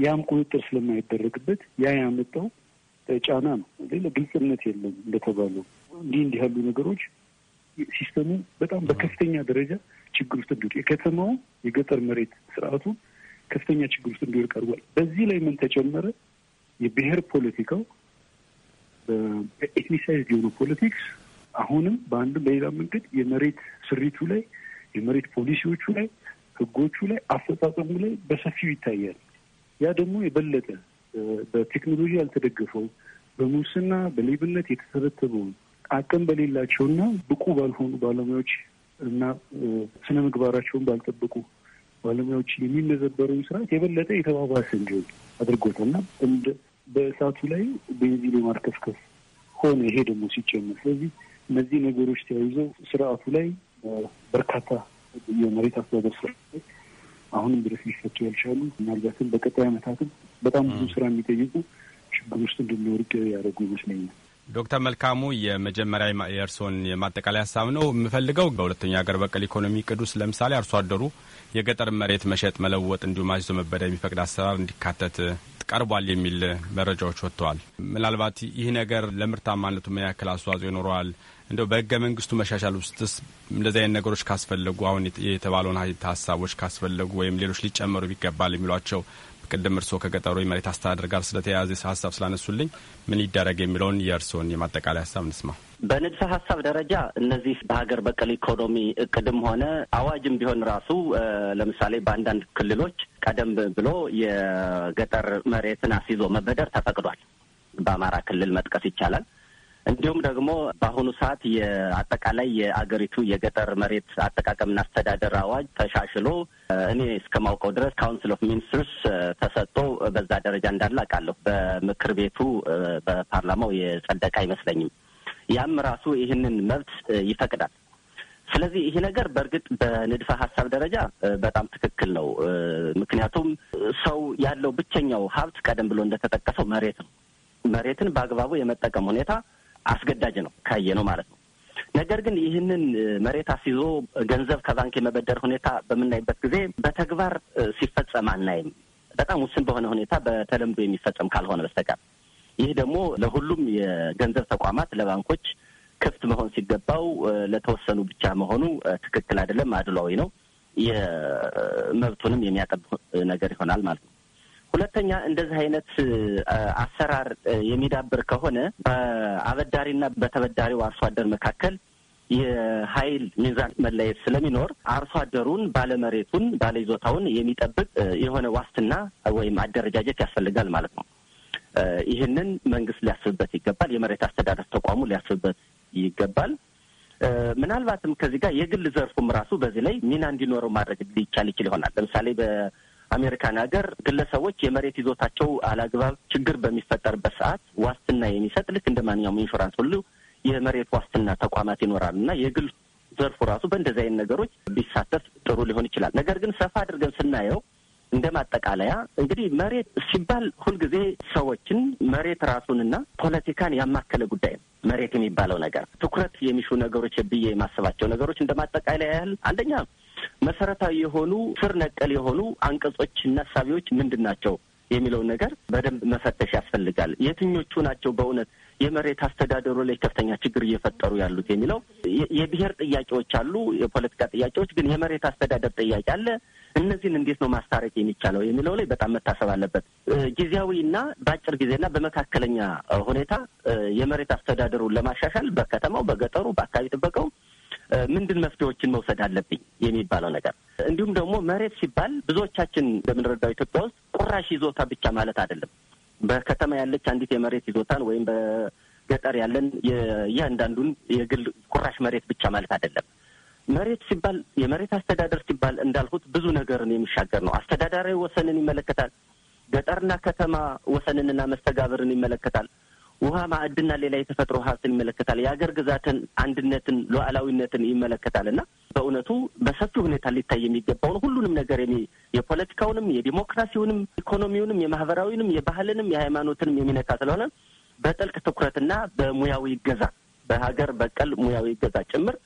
ያም ቁጥጥር ስለማይደረግበት ያ ያመጣው ጫና ነው። ሌላ ግልጽነት የለም። እንደተባለው እንዲህ እንዲህ ያሉ ነገሮች ሲስተሙ በጣም በከፍተኛ ደረጃ ችግር ውስጥ እንዲወድቅ የከተማው የገጠር መሬት ስርዓቱ ከፍተኛ ችግር ውስጥ እንዲወድቅ አድርጓል። በዚህ ላይ ምን ተጨመረ? የብሔር ፖለቲካው በኤትኒሳይዝድ የሆነ ፖለቲክስ አሁንም በአንዱ በሌላ መንገድ የመሬት ስሪቱ ላይ የመሬት ፖሊሲዎቹ ላይ ህጎቹ ላይ አፈጻጸሙ ላይ በሰፊው ይታያል። ያ ደግሞ የበለጠ በቴክኖሎጂ ያልተደገፈው በሙስና በሌብነት የተተበተበው አቅም በሌላቸውና ብቁ ባልሆኑ ባለሙያዎች እና ስነ ምግባራቸውን ባልጠበቁ ባለሙያዎች የሚመዘበረውን ስርዓት የበለጠ የተባባሰ እንዲሆን አድርጎታል በእሳቱ ላይ ቤንዚን የማርከፍከፍ ሆነ ይሄ ደግሞ ሲጨመር ስለዚህ እነዚህ ነገሮች ተያይዘው ስርዓቱ ላይ በርካታ የመሬት አስተዳደር ስራ ላይ አሁንም ድረስ ሊፈቸው ያልቻሉ ምናልባትም በቀጣይ ዓመታትም በጣም ብዙ ስራ የሚጠይቁ ችግር ውስጥ እንደሚወርቅ ያደረጉ ይመስለኛል። ዶክተር መልካሙ የመጀመሪያ የእርስዎን የማጠቃለያ ሀሳብ ነው የምፈልገው። በሁለተኛ ሀገር በቀል ኢኮኖሚ ቅዱስ ለምሳሌ አርሶ አደሩ የገጠር መሬት መሸጥ፣ መለወጥ እንዲሁም አጅዞ መበደር የሚፈቅድ አሰራር እንዲካተት ቀርቧል የሚል መረጃዎች ወጥተዋል። ምናልባት ይህ ነገር ለምርታማነቱ ምን ያክል አስተዋጽኦ ይኖረዋል? እንደው በህገ መንግስቱ መሻሻል ውስጥስ እንደዚህ አይነት ነገሮች ካስፈለጉ አሁን የተባለውን ሀሳቦች ካስፈለጉ ወይም ሌሎች ሊጨመሩ ይገባል የሚሏቸው ቅድም እርስዎ ከገጠሩ የመሬት አስተዳደር ጋር ስለተያያዘ ሀሳብ ስላነሱልኝ ምን ይደረግ የሚለውን የእርስዎን የማጠቃለያ ሀሳብ እንስማ። በንድፈ ሀሳብ ደረጃ እነዚህ በሀገር በቀል ኢኮኖሚ እቅድም ሆነ አዋጅም ቢሆን ራሱ ለምሳሌ በአንዳንድ ክልሎች ቀደም ብሎ የገጠር መሬትን አስይዞ መበደር ተፈቅዷል። በአማራ ክልል መጥቀስ ይቻላል። እንዲሁም ደግሞ በአሁኑ ሰዓት የአጠቃላይ የአገሪቱ የገጠር መሬት አጠቃቀምና አስተዳደር አዋጅ ተሻሽሎ እኔ እስከማውቀው ድረስ ካውንስል ኦፍ ሚኒስትርስ ተሰጥቶ በዛ ደረጃ እንዳለ አውቃለሁ። በምክር ቤቱ በፓርላማው የጸደቀ አይመስለኝም። ያም ራሱ ይህንን መብት ይፈቅዳል። ስለዚህ ይሄ ነገር በእርግጥ በንድፈ ሀሳብ ደረጃ በጣም ትክክል ነው። ምክንያቱም ሰው ያለው ብቸኛው ሀብት ቀደም ብሎ እንደተጠቀሰው መሬት ነው። መሬትን በአግባቡ የመጠቀም ሁኔታ አስገዳጅ ነው ካየ ነው ማለት ነው። ነገር ግን ይህንን መሬት አስይዞ ገንዘብ ከባንክ የመበደር ሁኔታ በምናይበት ጊዜ በተግባር ሲፈጸም አናይም። በጣም ውስን በሆነ ሁኔታ በተለምዶ የሚፈጸም ካልሆነ በስተቀር ይህ ደግሞ ለሁሉም የገንዘብ ተቋማት ለባንኮች ክፍት መሆን ሲገባው ለተወሰኑ ብቻ መሆኑ ትክክል አይደለም፣ አድሏዊ ነው። የመብቱንም የሚያጠብ ነገር ይሆናል ማለት ነው። ሁለተኛ እንደዚህ አይነት አሰራር የሚዳብር ከሆነ በአበዳሪና በተበዳሪው አርሶ አደር መካከል የኃይል ሚዛን መለየት ስለሚኖር አርሶ አደሩን ባለመሬቱን ባለይዞታውን የሚጠብቅ የሆነ ዋስትና ወይም አደረጃጀት ያስፈልጋል ማለት ነው። ይህንን መንግስት ሊያስብበት ይገባል። የመሬት አስተዳደር ተቋሙ ሊያስብበት ይገባል። ምናልባትም ከዚህ ጋር የግል ዘርፉም ራሱ በዚህ ላይ ሚና እንዲኖረው ማድረግ ሊቻል ይችል ይሆናል። ለምሳሌ አሜሪካን ሀገር ግለሰቦች የመሬት ይዞታቸው አላግባብ ችግር በሚፈጠርበት ሰዓት ዋስትና የሚሰጥ ልክ እንደ ማንኛውም ኢንሹራንስ ሁሉ የመሬት ዋስትና ተቋማት ይኖራል እና የግል ዘርፉ ራሱ በእንደዚህ አይነት ነገሮች ቢሳተፍ ጥሩ ሊሆን ይችላል። ነገር ግን ሰፋ አድርገን ስናየው እንደ ማጠቃለያ እንግዲህ መሬት ሲባል ሁልጊዜ ሰዎችን መሬት ራሱንና ፖለቲካን ያማከለ ጉዳይ ነው። መሬት የሚባለው ነገር ትኩረት የሚሹ ነገሮች ብዬ የማስባቸው ነገሮች እንደ ማጠቃለያ ያህል አንደኛ መሰረታዊ የሆኑ ስር ነቀል የሆኑ አንቀጾችና ሳቢዎች ምንድን ናቸው የሚለውን ነገር በደንብ መፈተሽ ያስፈልጋል። የትኞቹ ናቸው በእውነት የመሬት አስተዳደሩ ላይ ከፍተኛ ችግር እየፈጠሩ ያሉት የሚለው የብሔር ጥያቄዎች አሉ፣ የፖለቲካ ጥያቄዎች ግን የመሬት አስተዳደር ጥያቄ አለ። እነዚህን እንዴት ነው ማስታረቅ የሚቻለው የሚለው ላይ በጣም መታሰብ አለበት። ጊዜያዊና በአጭር ጊዜና በመካከለኛ ሁኔታ የመሬት አስተዳደሩን ለማሻሻል በከተማው፣ በገጠሩ፣ በአካባቢ ጥበቀው? ምንድን መፍትሄዎችን መውሰድ አለብኝ የሚባለው ነገር እንዲሁም ደግሞ መሬት ሲባል ብዙዎቻችን በምንረዳው ኢትዮጵያ ውስጥ ቁራሽ ይዞታ ብቻ ማለት አይደለም። በከተማ ያለች አንዲት የመሬት ይዞታን ወይም በገጠር ያለን የእያንዳንዱን የግል ቁራሽ መሬት ብቻ ማለት አይደለም። መሬት ሲባል የመሬት አስተዳደር ሲባል እንዳልኩት ብዙ ነገርን የሚሻገር ነው። አስተዳደራዊ ወሰንን ይመለከታል። ገጠርና ከተማ ወሰንንና መስተጋብርን ይመለከታል። ውሃ፣ ማዕድና ሌላ የተፈጥሮ ሀብትን ይመለከታል። የሀገር ግዛትን፣ አንድነትን፣ ሉዓላዊነትን ይመለከታል እና በእውነቱ በሰፊ ሁኔታ ሊታይ የሚገባውን ሁሉንም ነገር የፖለቲካውንም፣ የዲሞክራሲውንም፣ ኢኮኖሚውንም፣ የማህበራዊንም፣ የባህልንም፣ የሃይማኖትንም የሚነካ ስለሆነ በጥልቅ ትኩረትና በሙያዊ ይገዛ በሀገር በቀል ሙያዊ ይገዛ ጭምር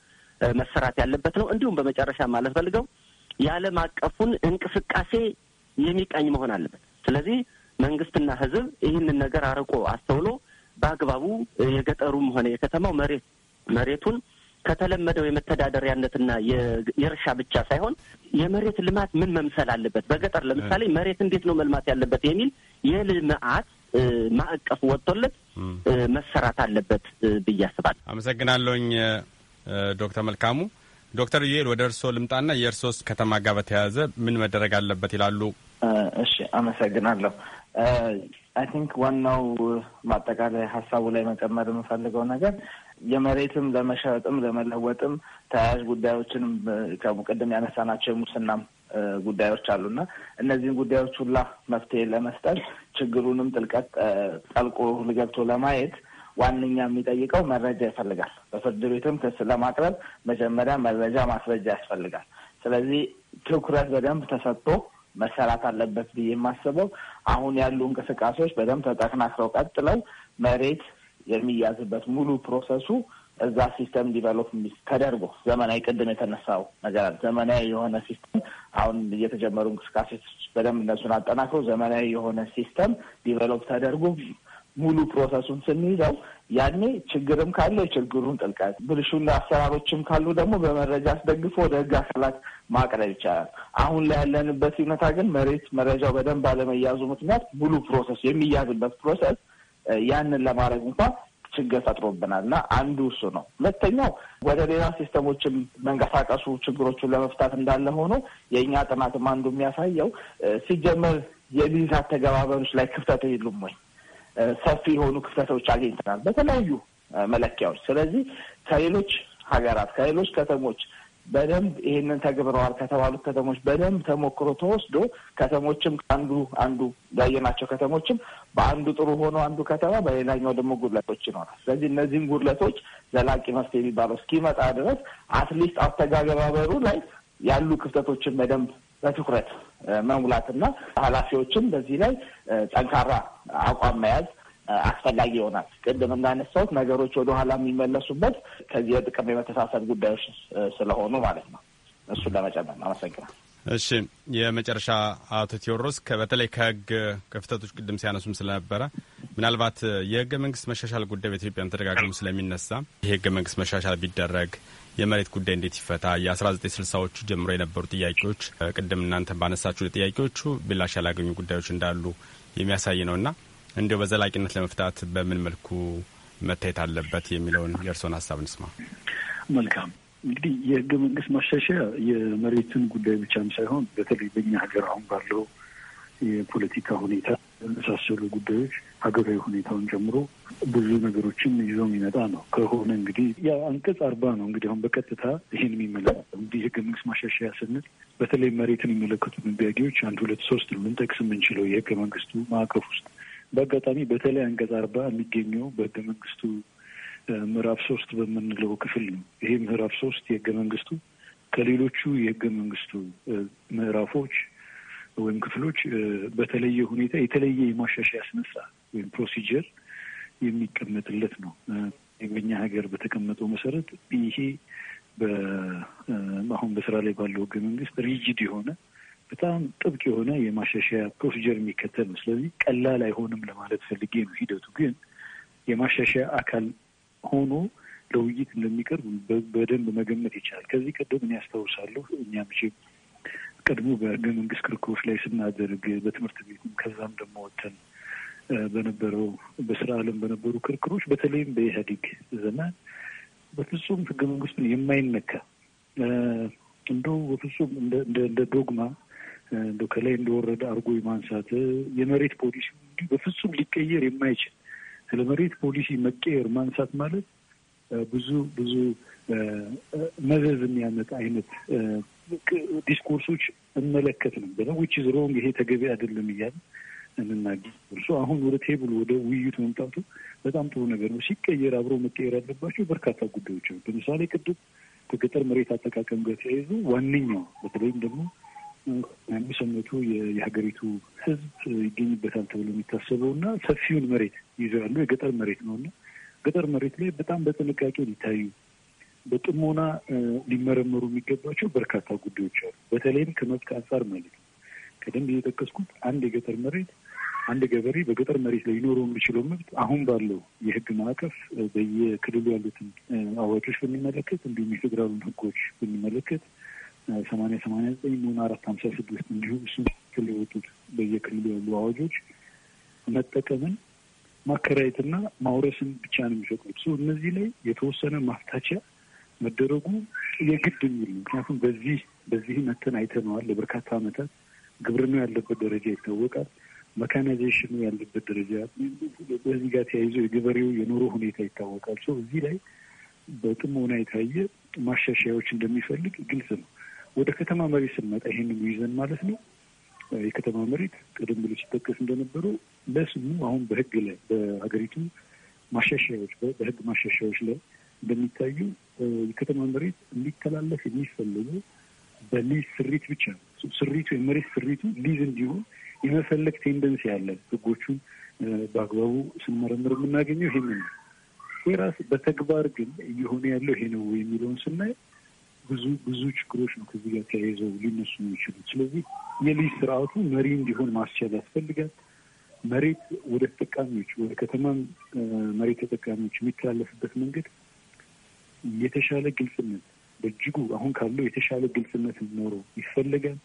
መሰራት ያለበት ነው። እንዲሁም በመጨረሻ ማለት ፈልገው የዓለም አቀፉን እንቅስቃሴ የሚቃኝ መሆን አለበት። ስለዚህ መንግስትና ህዝብ ይህንን ነገር አርቆ አስተውሎ በአግባቡ የገጠሩም ሆነ የከተማው መሬት መሬቱን ከተለመደው የመተዳደሪያነትና የእርሻ ብቻ ሳይሆን የመሬት ልማት ምን መምሰል አለበት፣ በገጠር ለምሳሌ መሬት እንዴት ነው መልማት ያለበት የሚል የልማት ማዕቀፍ ወጥቶለት መሰራት አለበት ብዬ አስባለሁ። አመሰግናለሁኝ ዶክተር መልካሙ። ዶክተር ዩኤል ወደ እርስዎ ልምጣና የእርሶስ ከተማ ጋር በተያያዘ ምን መደረግ አለበት ይላሉ? እሺ አመሰግናለሁ። አይ ቲንክ ዋናው ማጠቃለያ ሀሳቡ ላይ መጨመር የምፈልገው ነገር የመሬትም ለመሸጥም ለመለወጥም ተያያዥ ጉዳዮችንም ቅድም ያነሳናቸው የሙስናም ጉዳዮች አሉና እነዚህን ጉዳዮች ሁላ መፍትሄ ለመስጠት ችግሩንም ጥልቀት ጠልቆ ገብቶ ለማየት ዋነኛ የሚጠይቀው መረጃ ይፈልጋል። በፍርድ ቤትም ክስ ለማቅረብ መጀመሪያ መረጃ ማስረጃ ያስፈልጋል። ስለዚህ ትኩረት በደንብ ተሰጥቶ መሰራት አለበት ብዬ የማስበው አሁን ያሉ እንቅስቃሴዎች በደንብ ተጠናክረው ቀጥለው መሬት የሚያዝበት ሙሉ ፕሮሰሱ እዛ ሲስተም ዲቨሎፕ ተደርጎ ዘመናዊ ቅድም የተነሳው ነገር ዘመናዊ የሆነ ሲስተም አሁን እየተጀመሩ እንቅስቃሴዎች በደንብ እነሱን አጠናክሮ ዘመናዊ የሆነ ሲስተም ዲቨሎፕ ተደርጎ ሙሉ ፕሮሰሱን ስንይዘው ያኔ ችግርም ካለ የችግሩን ጥልቀት ብልሹና አሰራሮችም ካሉ ደግሞ በመረጃ አስደግፎ ወደ ህግ አካላት ማቅረብ ይቻላል። አሁን ላይ ያለንበት ሁኔታ ግን መሬት መረጃው በደንብ ባለመያዙ ምክንያት ሙሉ ፕሮሰስ የሚያዝበት ፕሮሰስ ያንን ለማድረግ እንኳን ችግር ፈጥሮብናል እና አንዱ እሱ ነው። ሁለተኛው ወደ ሌላ ሲስተሞችም መንቀሳቀሱ ችግሮቹን ለመፍታት እንዳለ ሆኖ የእኛ ጥናትም አንዱ የሚያሳየው ሲጀመር የሊዝ አተገባበሮች ላይ ክፍተት የሉም ወይ ሰፊ የሆኑ ክፍተቶች አግኝተናል በተለያዩ መለኪያዎች። ስለዚህ ከሌሎች ሀገራት ከሌሎች ከተሞች በደንብ ይሄንን ተግብረዋል ከተባሉት ከተሞች በደንብ ተሞክሮ ተወስዶ ከተሞችም አንዱ አንዱ ያየናቸው ከተሞችም በአንዱ ጥሩ ሆኖ አንዱ ከተማ በሌላኛው ደግሞ ጉድለቶች ይኖራል። ስለዚህ እነዚህም ጉድለቶች ዘላቂ መፍትሄ የሚባለው እስኪመጣ ድረስ አትሊስት አስተጋገባበሩ ላይ ያሉ ክፍተቶችን በደንብ በትኩረት መሙላትና ኃላፊዎችም በዚህ ላይ ጠንካራ አቋም መያዝ አስፈላጊ ይሆናል። ቅድም እንዳነሳሁት ነገሮች ወደኋላ የሚመለሱበት ከዚህ የጥቅም የመተሳሰብ ጉዳዮች ስለሆኑ ማለት ነው። እሱን ለመጨመር አመሰግናል። እሺ፣ የመጨረሻ አቶ ቴዎድሮስ በተለይ ከህግ ክፍተቶች ቅድም ሲያነሱም ስለነበረ ምናልባት የህገ መንግስት መሻሻል ጉዳይ በኢትዮጵያም ተደጋግሞ ስለሚነሳ የህገ መንግስት መሻሻል ቢደረግ የመሬት ጉዳይ እንዴት ይፈታ፣ የ1960ዎቹ ጀምሮ የነበሩ ጥያቄዎች ቅድም እናንተ ባነሳችሁ ጥያቄዎቹ ብላሽ ያላገኙ ጉዳዮች እንዳሉ የሚያሳይ ነውና እንዲሁ በዘላቂነት ለመፍታት በምን መልኩ መታየት አለበት የሚለውን የእርስዎን ሀሳብ እንስማ። መልካም እንግዲህ የህገ መንግስት ማሻሻያ የመሬትን ጉዳይ ብቻም ሳይሆን በተለይ በኛ ሀገር አሁን ባለው የፖለቲካ ሁኔታ የመሳሰሉ ጉዳዮች ሀገራዊ ሁኔታውን ጨምሮ ብዙ ነገሮችን ይዞ የሚመጣ ነው። ከሆነ እንግዲህ ያ አንቀጽ አርባ ነው እንግዲህ አሁን በቀጥታ ይህን የሚመለከት እንግዲህ የህገ መንግስት ማሻሻያ ስንል በተለይ መሬትን የሚመለከቱ ድንጋጌዎች አንድ ሁለት ሶስት ነው ልንጠቅስ የምንችለው የህገ መንግስቱ ማዕቀፍ ውስጥ በአጋጣሚ በተለይ አንቀጽ አርባ የሚገኘው በህገ መንግስቱ ምዕራፍ ሶስት በምንለው ክፍል ነው። ይሄ ምዕራፍ ሶስት የህገ መንግስቱ ከሌሎቹ የህገ መንግስቱ ምዕራፎች ወይም ክፍሎች በተለየ ሁኔታ የተለየ የማሻሻያ ስነስርዓት ወይም ፕሮሲጀር የሚቀመጥለት ነው። በኛ ሀገር በተቀመጠው መሰረት ይሄ አሁን በስራ ላይ ባለው ህገ መንግስት ሪጅድ የሆነ በጣም ጥብቅ የሆነ የማሻሻያ ፕሮሲጀር የሚከተል ነው። ስለዚህ ቀላል አይሆንም ለማለት ፈልጌ ነው። ሂደቱ ግን የማሻሻያ አካል ሆኖ ለውይይት እንደሚቀርብ በደንብ መገመት ይቻላል። ከዚህ ቀደም እኔ ያስታውሳለሁ እኛ መቼም ቀድሞ በህገ መንግስት ክርክሮች ላይ ስናደርግ በትምህርት ቤትም ከዛም ደሞ ወተን በነበረው በስራ አለም በነበሩ ክርክሮች በተለይም በኢህአዴግ ዘመን በፍጹም ህገ መንግስቱን የማይነካ እንደው በፍጹም እንደ ዶግማ እንደ ከላይ እንደወረደ አድርጎ የማንሳት የመሬት ፖሊሲ በፍጹም ሊቀየር የማይችል ስለ መሬት ፖሊሲ መቀየር ማንሳት ማለት ብዙ ብዙ መዘዝ የሚያመጣ አይነት ዲስኮርሶች እመለከት ነበረ። ዊች ይሄ ተገቢ አይደለም እያለ እንናገር። እርሱ አሁን ወደ ቴብል ወደ ውይይት መምጣቱ በጣም ጥሩ ነገር ነው። ሲቀየር አብሮ መቀየር ያለባቸው በርካታ ጉዳዮች አሉ። ለምሳሌ ቅድም ከገጠር መሬት አጠቃቀም ጋር ተያይዞ ዋነኛው በተለይም ደግሞ የሚሰመቱ የሀገሪቱ ሕዝብ ይገኝበታል ተብሎ የሚታሰበው እና ሰፊውን መሬት ይዞ ያለው የገጠር መሬት ነው እና ገጠር መሬት ላይ በጣም በጥንቃቄ ሊታዩ በጥሞና ሊመረመሩ የሚገባቸው በርካታ ጉዳዮች አሉ። በተለይም ከመብት አንጻር ማለት ቀደም የጠቀስኩት አንድ የገጠር መሬት አንድ ገበሬ በገጠር መሬት ላይ ሊኖረው የሚችለው መብት አሁን ባለው የህግ ማዕቀፍ በየክልሉ ያሉትን አዋጆች በሚመለከት እንዲሁም የፌዴራሉን ህጎች በሚመለከት ሰማንያ ሰማንያ ዘጠኝ መሆን አራት ሀምሳ ስድስት እንዲሁም እሱ ክል የወጡት በየክልሉ ያሉ አዋጆች መጠቀምን ማከራየትና ማውረስን ብቻ ነው የሚፈቅዱት። እነዚህ ላይ የተወሰነ ማፍታቻ መደረጉ የግድ የሚል ምክንያቱም በዚህ በዚህ መተን አይተነዋል ለበርካታ ዓመታት ግብርናው ያለበት ደረጃ ይታወቃል። መካናይዜሽኑ ያለበት ደረጃ በዚህ ጋር ተያይዞ የገበሬው የኑሮ ሁኔታ ይታወቃል። ሰው እዚህ ላይ በጥሞና የታየ ማሻሻያዎች እንደሚፈልግ ግልጽ ነው። ወደ ከተማ መሬት ስንመጣ ይሄንን ይዘን ማለት ነው። የከተማ መሬት ቀደም ብሎ ሲጠቀስ እንደነበረው ለስሙ አሁን በህግ ላይ በሀገሪቱ ማሻሻያዎች በህግ ማሻሻያዎች ላይ እንደሚታዩ የከተማ መሬት እንዲተላለፍ የሚፈለገው በሊዝ ስሪት ብቻ ነው። ስሪቱ የመሬት ስሪቱ ሊዝ እንዲሆን የመፈለግ ቴንደንሲ ያለን ህጎቹን በአግባቡ ስንመረምር የምናገኘው ይሄን ነው። ራስ በተግባር ግን እየሆነ ያለው ይሄ ነው የሚለውን ስናይ ብዙ ብዙ ችግሮች ነው ከዚህ ጋር ተያይዘው ሊነሱ የሚችሉት። ስለዚህ የሊዝ ስርዓቱ መሪ እንዲሆን ማስቻል ያስፈልጋል። መሬት ወደ ተጠቃሚዎች ወደ ከተማ መሬት ተጠቃሚዎች የሚተላለፍበት መንገድ የተሻለ ግልጽነት በእጅጉ አሁን ካለው የተሻለ ግልጽነት እንዲኖረው ይፈለጋል።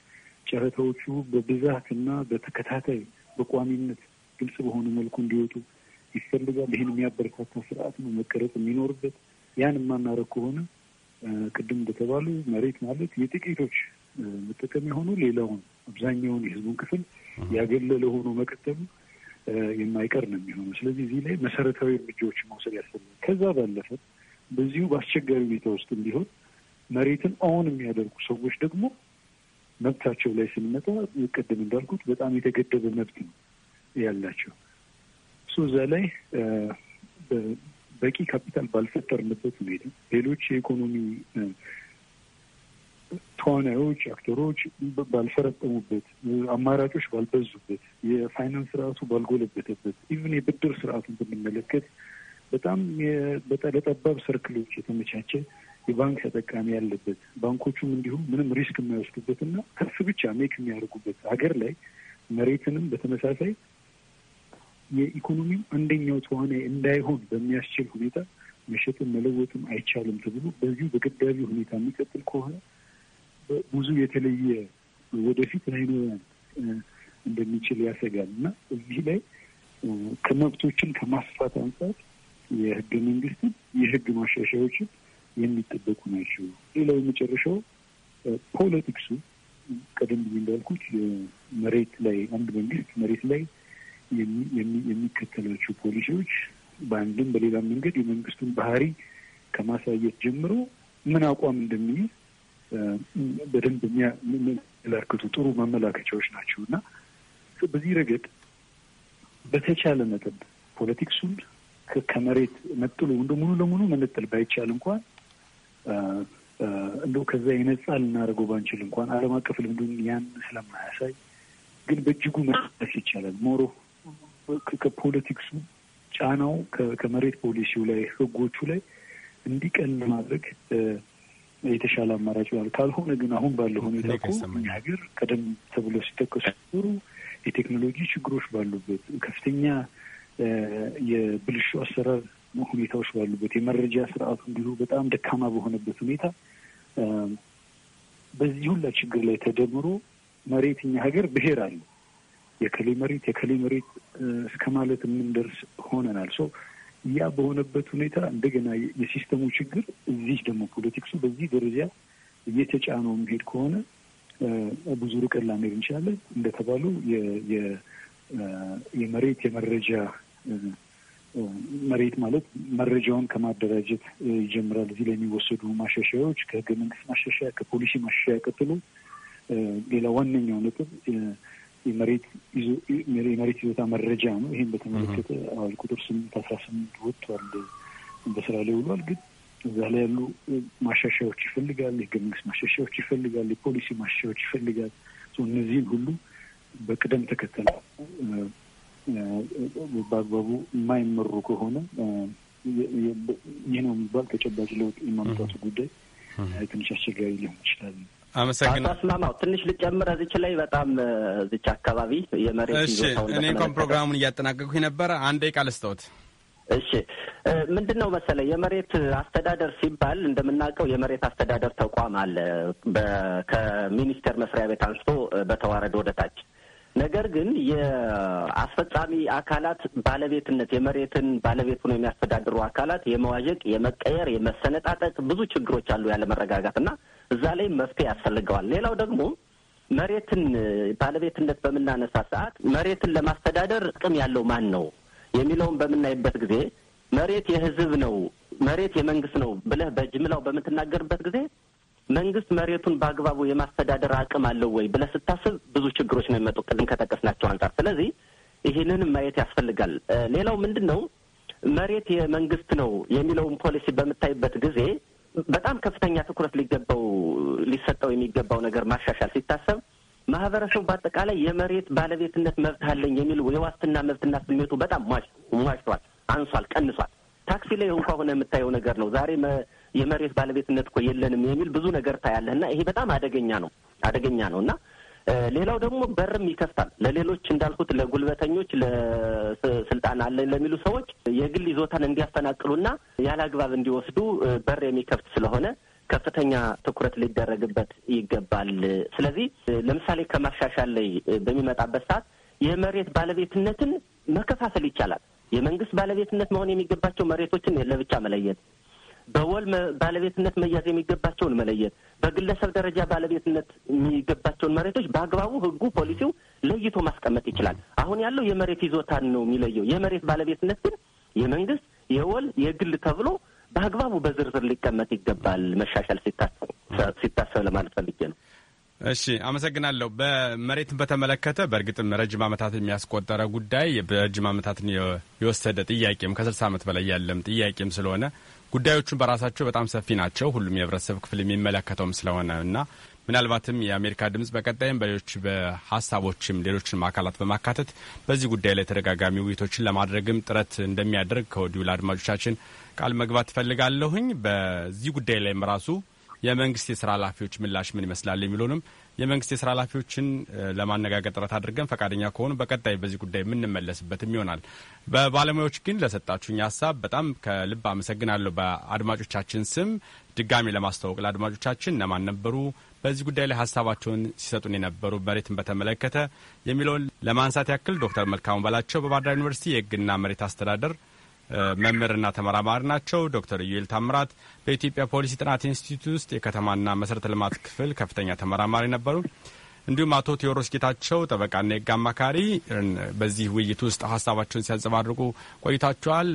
ጨረታዎቹ በብዛትና በተከታታይ በቋሚነት ግልጽ በሆነ መልኩ እንዲወጡ ይፈልጋል። ይህን የሚያበረታታ ስርዓት ነው መቀረጽ የሚኖርበት። ያን የማናረግ ከሆነ ቅድም እንደተባሉ መሬት ማለት የጥቂቶች መጠቀም የሆኑ ሌላውን አብዛኛውን የህዝቡን ክፍል ያገለለ ሆኖ መቀጠሉ የማይቀር ነው የሚሆነው። ስለዚህ እዚህ ላይ መሰረታዊ እርምጃዎችን መውሰድ ያስፈልጋል። ከዛ ባለፈ በዚሁ በአስቸጋሪ ሁኔታ ውስጥ እንዲሆን መሬትን አሁን የሚያደርጉ ሰዎች ደግሞ መብታቸው ላይ ስንመጣ ቅድም እንዳልኩት በጣም የተገደበ መብት ነው ያላቸው። እሱ እዛ ላይ በቂ ካፒታል ባልፈጠርንበት ሁኔታ ሌሎች የኢኮኖሚ ተዋናዮች፣ አክተሮች ባልፈረጠሙበት፣ አማራጮች ባልበዙበት፣ የፋይናንስ ስርዓቱ ባልጎለበተበት፣ ኢቭን የብድር ስርዓቱን ብንመለከት በጣም ለጠባብ ሰርክሎች የተመቻቸ የባንክ ተጠቃሚ ያለበት ባንኮቹም እንዲሁም ምንም ሪስክ የማይወስዱበትና ከፍ ብቻ ሜክ የሚያደርጉበት ሀገር ላይ መሬትንም በተመሳሳይ የኢኮኖሚው አንደኛው ተዋናይ እንዳይሆን በሚያስችል ሁኔታ መሸጥም መለወጥም አይቻልም ተብሎ በዚሁ በገዳቢ ሁኔታ የሚቀጥል ከሆነ ብዙ የተለየ ወደፊት ላይኖረን እንደሚችል ያሰጋል እና እዚህ ላይ ከመብቶችን ከማስፋት አንጻር የህገ መንግስትን የህግ ማሻሻዮችን የሚጠበቁ ናቸው። ሌላው የመጨረሻው ፖለቲክሱ ቀደም ብዬ እንዳልኩት መሬት ላይ አንድ መንግስት መሬት ላይ የሚከተላቸው ፖሊሲዎች በአንድም በሌላም መንገድ የመንግስቱን ባህሪ ከማሳየት ጀምሮ ምን አቋም እንደሚይዝ በደንብ የሚያመላክቱ ጥሩ ማመላከቻዎች ናቸው እና በዚህ ረገድ በተቻለ መጠን ፖለቲክሱን ከመሬት መጥሎ እንደ ሙሉ ለሙሉ መነጠል ባይቻል እንኳን እንደ ከዛ የነጻ ልናደርገው ባንችል እንኳን ዓለም አቀፍ ልምዱን ያን ስለማያሳይ ግን በእጅጉ መስ ይቻላል። ሞሮ ከፖለቲክሱ ጫናው ከመሬት ፖሊሲው ላይ ህጎቹ ላይ እንዲቀል ማድረግ የተሻለ አማራጭ ይሆናል። ካልሆነ ግን አሁን ባለው ሁኔታ እኮ እኛ ሀገር ቀደም ተብሎ ሲጠቀሱ ሩ የቴክኖሎጂ ችግሮች ባሉበት ከፍተኛ የብልሹ አሰራር ሁኔታዎች ባሉበት የመረጃ ስርዓቱ እንዲሁ በጣም ደካማ በሆነበት ሁኔታ በዚህ ሁላ ችግር ላይ ተደምሮ መሬት እኛ ሀገር ብሄር አለ የከሌ መሬት የከሌ መሬት እስከ ማለት የምንደርስ ሆነናል። ሶ ያ በሆነበት ሁኔታ እንደገና የሲስተሙ ችግር እዚህ ደግሞ ፖለቲክሱ በዚህ ደረጃ እየተጫነው መሄድ ከሆነ ብዙ ርቀት ላንሄድ እንችላለን። እንደተባሉ የመሬት የመረጃ መሬት ማለት መረጃውን ከማደራጀት ይጀምራል። እዚህ ላይ የሚወሰዱ ማሻሻያዎች ከህገ መንግስት ማሻሻያ፣ ከፖሊሲ ማሻሻያ ቀጥሎ ሌላ ዋነኛው ነጥብ የመሬት ይዞታ መረጃ ነው። ይህም በተመለከተ አዋጅ ቁጥር ስምንት አስራ ስምንት ወጥቷል፣ በስራ ላይ ውሏል። ግን እዛ ላይ ያሉ ማሻሻያዎች ይፈልጋል፣ የህገ መንግስት ማሻሻያዎች ይፈልጋል፣ የፖሊሲ ማሻሻያዎች ይፈልጋል። እነዚህን ሁሉ በቅደም ተከተል በአግባቡ የማይመሩ ከሆነ ይህ ነው የሚባል ተጨባጭ ለውጥ የማምጣቱ ጉዳይ ትንሽ አስቸጋሪ ሊሆን ይችላል። አመሰግናለሁ። ትንሽ ልጨምር እዚች ላይ በጣም እዚች አካባቢ የመሬት እኔ እንኳን ፕሮግራሙን እያጠናቀቅኩ ነበረ። አንዴ ቃል ስተውት እሺ ምንድን ነው መሰለ የመሬት አስተዳደር ሲባል እንደምናውቀው የመሬት አስተዳደር ተቋም አለ። ከሚኒስቴር መስሪያ ቤት አንስቶ በተዋረደ ወደ ታች ነገር ግን የአስፈጻሚ አካላት ባለቤትነት የመሬትን ባለቤት ሆኖ የሚያስተዳድሩ አካላት የመዋዠቅ፣ የመቀየር፣ የመሰነጣጠቅ ብዙ ችግሮች አሉ ያለመረጋጋት እና እዛ ላይ መፍትሄ ያስፈልገዋል። ሌላው ደግሞ መሬትን ባለቤትነት በምናነሳ ሰዓት መሬትን ለማስተዳደር ጥቅም ያለው ማን ነው የሚለውን በምናይበት ጊዜ መሬት የህዝብ ነው መሬት የመንግስት ነው ብለህ በጅምላው በምትናገርበት ጊዜ መንግስት መሬቱን በአግባቡ የማስተዳደር አቅም አለው ወይ ብለህ ስታስብ ብዙ ችግሮች ነው የሚመጡ ቅድም ከጠቀስናቸው አንጻር። ስለዚህ ይህንን ማየት ያስፈልጋል። ሌላው ምንድን ነው መሬት የመንግስት ነው የሚለውን ፖሊሲ በምታይበት ጊዜ በጣም ከፍተኛ ትኩረት ሊገባው ሊሰጠው የሚገባው ነገር ማሻሻል ሲታሰብ ማህበረሰቡ በአጠቃላይ የመሬት ባለቤትነት መብት አለኝ የሚል የዋስትና መብትና ስሜቱ በጣም ሟሽቷል፣ አንሷል፣ ቀንሷል። ታክሲ ላይ እንኳ ሆነ የምታየው ነገር ነው ዛሬ የመሬት ባለቤትነት እኮ የለንም የሚል ብዙ ነገር ታያለህ እና ይሄ በጣም አደገኛ ነው አደገኛ ነው እና ሌላው ደግሞ በርም ይከፍታል ለሌሎች እንዳልኩት ለጉልበተኞች፣ ለስልጣን አለን ለሚሉ ሰዎች የግል ይዞታን እንዲያፈናቅሉና ያለ አግባብ እንዲወስዱ በር የሚከፍት ስለሆነ ከፍተኛ ትኩረት ሊደረግበት ይገባል። ስለዚህ ለምሳሌ ከማሻሻል ላይ በሚመጣበት ሰዓት የመሬት ባለቤትነትን መከፋፈል ይቻላል። የመንግስት ባለቤትነት መሆን የሚገባቸው መሬቶችን ለብቻ መለየት፣ በወል ባለቤትነት መያዝ የሚገባቸውን መለየት፣ በግለሰብ ደረጃ ባለቤትነት የሚገባቸውን መሬቶች በአግባቡ ህጉ ፖሊሲው ለይቶ ማስቀመጥ ይችላል። አሁን ያለው የመሬት ይዞታን ነው የሚለየው። የመሬት ባለቤትነት ግን የመንግስት የወል የግል ተብሎ በአግባቡ በዝርዝር ሊቀመጥ ይገባል። መሻሻል ሲታሰብ ለማለት ፈልጌ ነው። እሺ፣ አመሰግናለሁ። በመሬትን በተመለከተ በእርግጥም ረጅም ዓመታት የሚያስቆጠረ ጉዳይ በረጅም ዓመታትን የወሰደ ጥያቄም ከስልሳ ዓመት በላይ ያለም ጥያቄም ስለሆነ ጉዳዮቹን በራሳቸው በጣም ሰፊ ናቸው። ሁሉም የህብረተሰብ ክፍል የሚመለከተውም ስለሆነ እና ምናልባትም የአሜሪካ ድምጽ በቀጣይም በሌሎች በሀሳቦችም ሌሎችን አካላት በማካተት በዚህ ጉዳይ ላይ ተደጋጋሚ ውይይቶችን ለማድረግም ጥረት እንደሚያደርግ ከወዲሁ ለአድማጮቻችን ቃል መግባት ትፈልጋለሁኝ። በዚህ ጉዳይ ላይም ራሱ የመንግስት የስራ ኃላፊዎች ምላሽ ምን ይመስላል የሚለውንም የመንግስት የስራ ኃላፊዎችን ለማነጋገር ጥረት አድርገን ፈቃደኛ ከሆኑ በቀጣይ በዚህ ጉዳይ የምንመለስበትም ይሆናል። በባለሙያዎች ግን ለሰጣችሁኝ ሀሳብ በጣም ከልብ አመሰግናለሁ። በአድማጮቻችን ስም ድጋሚ ለማስተዋወቅ ለአድማጮቻችን እነማን ነበሩ በዚህ ጉዳይ ላይ ሀሳባቸውን ሲሰጡን የነበሩ መሬትን በተመለከተ የሚለውን ለማንሳት ያክል ዶክተር መልካሙ ባላቸው በባህርዳር ዩኒቨርሲቲ የህግና መሬት አስተዳደር መምህርና ተመራማሪ ናቸው። ዶክተር ዩኤል ታምራት በኢትዮጵያ ፖሊሲ ጥናት ኢንስቲትዩት ውስጥ የከተማና መሰረተ ልማት ክፍል ከፍተኛ ተመራማሪ ነበሩ። እንዲሁም አቶ ቴዎድሮስ ጌታቸው ጠበቃና የህግ አማካሪ በዚህ ውይይት ውስጥ ሀሳባቸውን ሲያንጸባርቁ ቆይታችኋል።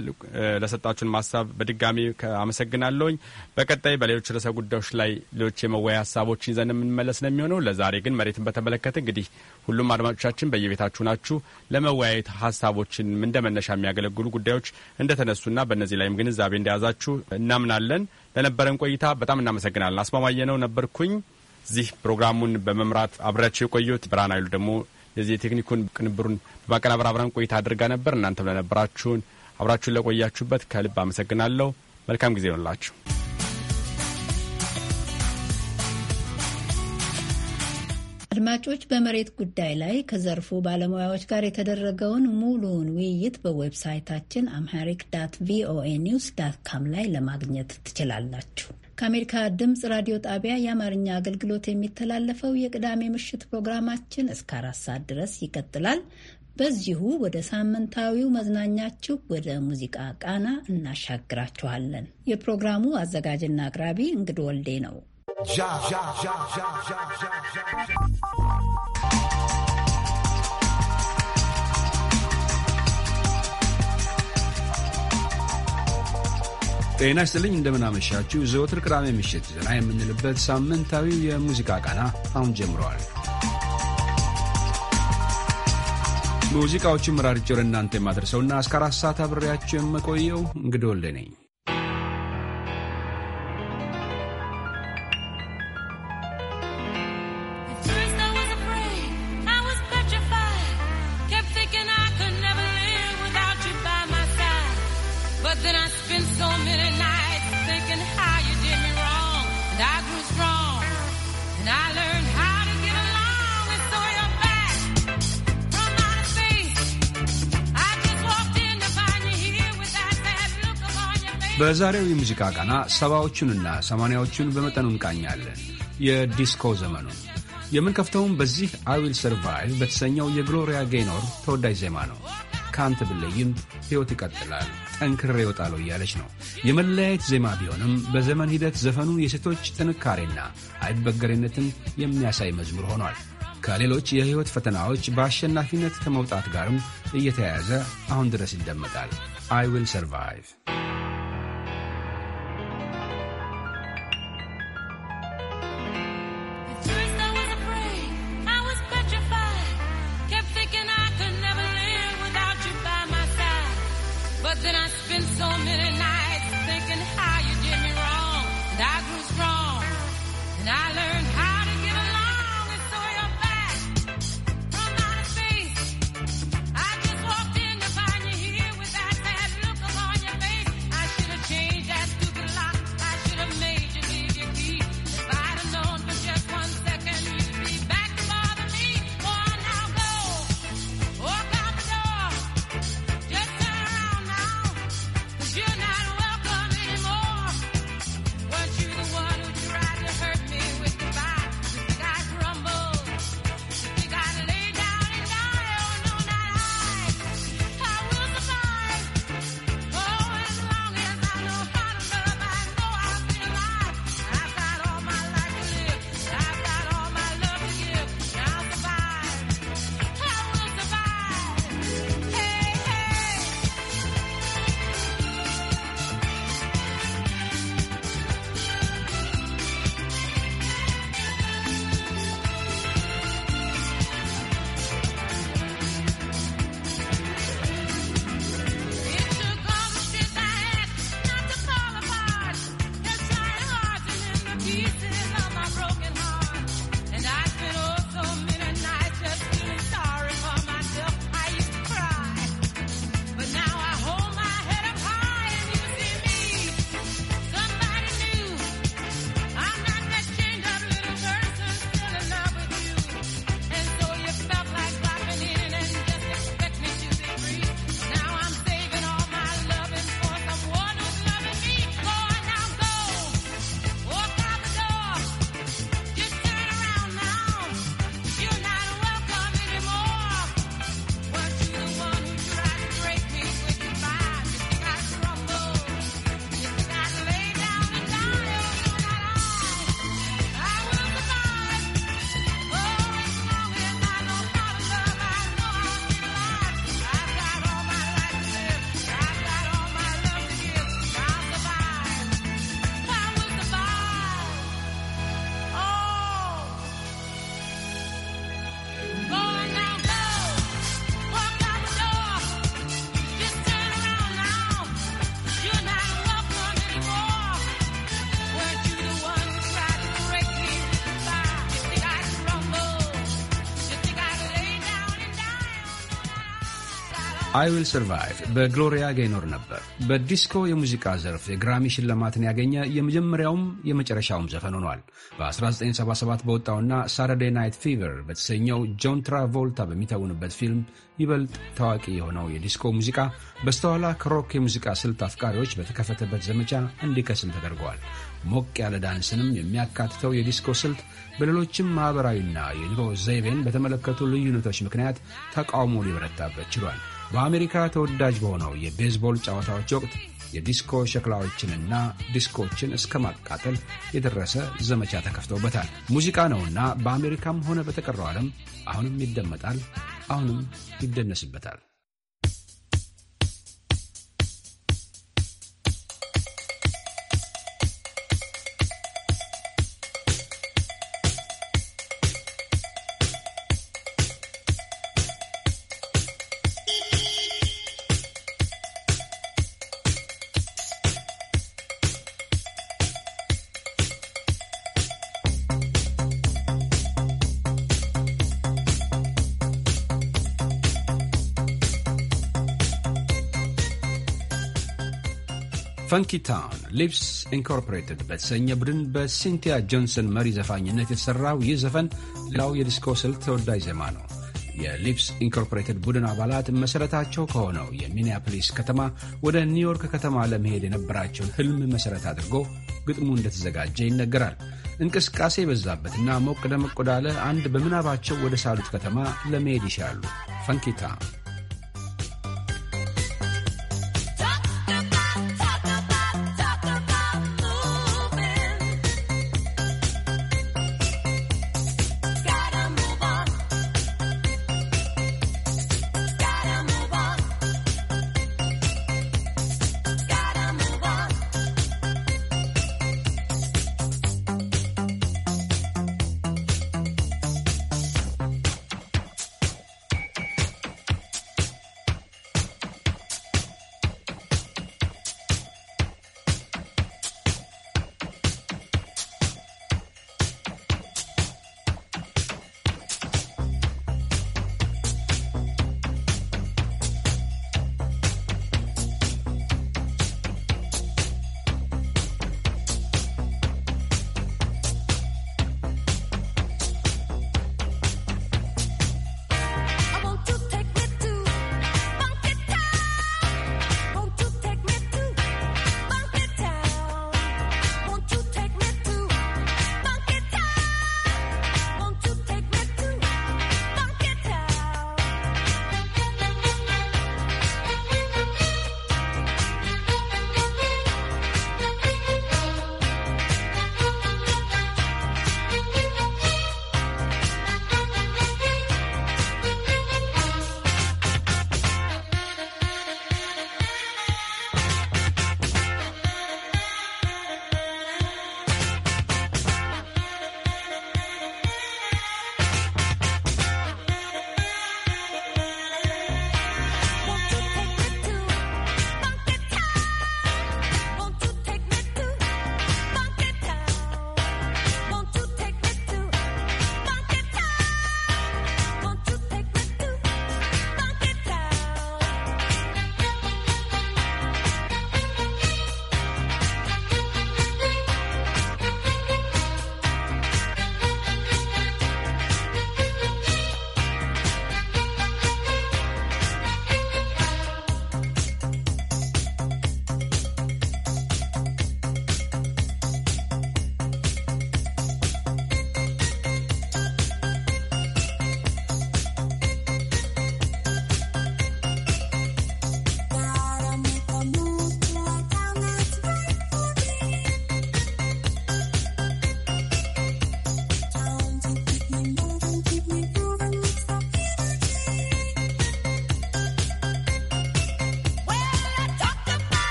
ለሰጣችሁን ሀሳብ በድጋሚ አመሰግናለሁኝ። በቀጣይ በሌሎች ርዕሰ ጉዳዮች ላይ ሌሎች የመወያ ሀሳቦችን ይዘን የምንመለስ ነው የሚሆነው። ለዛሬ ግን መሬትን በተመለከተ እንግዲህ ሁሉም አድማጮቻችን በየቤታችሁ ናችሁ ለመወያየት ሀሳቦችን እንደመነሻ የሚያገለግሉ ጉዳዮች እንደተነሱና በእነዚህ ላይም ግንዛቤ እንደያዛችሁ እናምናለን። ለነበረን ቆይታ በጣም እናመሰግናለን። አስማማየ ነው ነበርኩኝ። እዚህ ፕሮግራሙን በመምራት አብሬያቸው የቆየሁት ብርሃን አይሉ ደግሞ የዚህ የቴክኒኩን ቅንብሩን በማቀናበር አብራን ቆይታ አድርጋ ነበር። እናንተም ለነበራችሁን አብራችሁን ለቆያችሁበት ከልብ አመሰግናለሁ። መልካም ጊዜ ይሆንላችሁ። አድማጮች በመሬት ጉዳይ ላይ ከዘርፉ ባለሙያዎች ጋር የተደረገውን ሙሉውን ውይይት በዌብሳይታችን አምሃሪክ ዳት ቪኦኤ ኒውስ ዳት ካም ላይ ለማግኘት ትችላላችሁ። ከአሜሪካ ድምፅ ራዲዮ ጣቢያ የአማርኛ አገልግሎት የሚተላለፈው የቅዳሜ ምሽት ፕሮግራማችን እስከ አራት ሰዓት ድረስ ይቀጥላል። በዚሁ ወደ ሳምንታዊው መዝናኛችሁ ወደ ሙዚቃ ቃና እናሻግራችኋለን። የፕሮግራሙ አዘጋጅና አቅራቢ እንግድ ወልዴ ነው። ጤና ይስጥልኝ። እንደምናመሻችሁ ዘወትር ቅዳሜ ምሽት ዘና የምንልበት ሳምንታዊ የሙዚቃ ቃና አሁን ጀምረዋል። ሙዚቃዎቹን መራርጬ ለእናንተ የማደርሰውና እስከ አራት ሰዓት አብሬያቸው የምቆየው እንግዳ ነኝ። በዛሬው የሙዚቃ ቃና ሰባዎቹንና ሰማንያዎቹን በመጠኑ እንቃኛለን። የዲስኮ ዘመኑ የምንከፍተውም በዚህ አዊል ሰርቫይቭ በተሰኘው የግሎሪያ ጌኖር ተወዳጅ ዜማ ነው። ከአንተ ብለይም ሕይወት ይቀጥላል፣ ጠንክሬ ይወጣለሁ እያለች ነው። የመለያየት ዜማ ቢሆንም በዘመን ሂደት ዘፈኑ የሴቶች ጥንካሬና አይበገሬነትን የሚያሳይ መዝሙር ሆኗል። ከሌሎች የሕይወት ፈተናዎች በአሸናፊነት ከመውጣት ጋርም እየተያያዘ አሁን ድረስ ይደመጣል። አይዊል ዊል ሰርቫይቭ አይ ዊል ሰርቫይቭ በግሎሪያ ጋይኖር ነበር። በዲስኮ የሙዚቃ ዘርፍ የግራሚ ሽልማትን ያገኘ የመጀመሪያውም የመጨረሻውም ዘፈን ሆኗል። በ1977 በወጣውና ሳተርዴ ናይት ፊቨር በተሰኘው ጆን ትራቮልታ በሚተውንበት ፊልም ይበልጥ ታዋቂ የሆነው የዲስኮ ሙዚቃ በስተኋላ ከሮክ የሙዚቃ ስልት አፍቃሪዎች በተከፈተበት ዘመቻ እንዲከስም ተደርገዋል። ሞቅ ያለ ዳንስንም የሚያካትተው የዲስኮ ስልት በሌሎችም ማኅበራዊና የኑሮ ዘይቤን በተመለከቱ ልዩነቶች ምክንያት ተቃውሞ ሊበረታበት ችሏል። በአሜሪካ ተወዳጅ በሆነው የቤዝቦል ጨዋታዎች ወቅት የዲስኮ ሸክላዎችንና ዲስኮችን እስከ ማቃጠል የደረሰ ዘመቻ ተከፍቶበታል። ሙዚቃ ነውና በአሜሪካም ሆነ በተቀረው ዓለም አሁንም ይደመጣል፣ አሁንም ይደነስበታል። ፈንኪ ታውን ሊፕስ ኢንኮርፖሬትድ በተሰኘ ቡድን በሲንቲያ ጆንሰን መሪ ዘፋኝነት የተሠራው ይህ ዘፈን ሌላው የዲስኮ ስልት ተወዳጅ ዜማ ነው። የሊፕስ ኢንኮርፖሬትድ ቡድን አባላት መሠረታቸው ከሆነው የሚኒያፖሊስ ከተማ ወደ ኒውዮርክ ከተማ ለመሄድ የነበራቸውን ሕልም መሠረት አድርጎ ግጥሙ እንደተዘጋጀ ይነገራል። እንቅስቃሴ የበዛበትና ሞቅ ደመቅ ወዳለ አንድ በምናባቸው ወደ ሳሉት ከተማ ለመሄድ ይሻሉ ፈንኪ ታውን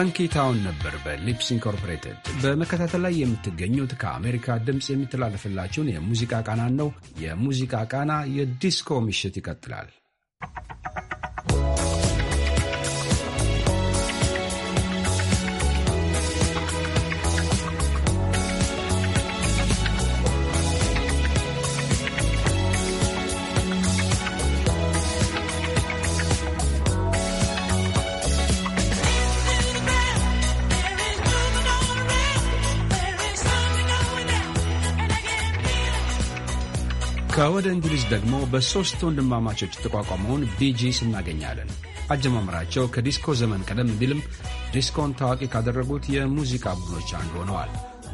ፈንኪ ታውን ነበር በሊፕስ ኢንኮርፖሬትድ በመከታተል ላይ የምትገኙት ከአሜሪካ ድምፅ የሚተላለፍላችሁን የሙዚቃ ቃናን ነው። የሙዚቃ ቃና የዲስኮ ምሽት ይቀጥላል። ከወደ እንግሊዝ ደግሞ በሦስት ወንድማማቾች የተቋቋመውን ቢጂስ እናገኛለን። አጀማመራቸው ከዲስኮ ዘመን ቀደም ቢልም ዲስኮን ታዋቂ ካደረጉት የሙዚቃ ቡድኖች አንዱ ሆነዋል።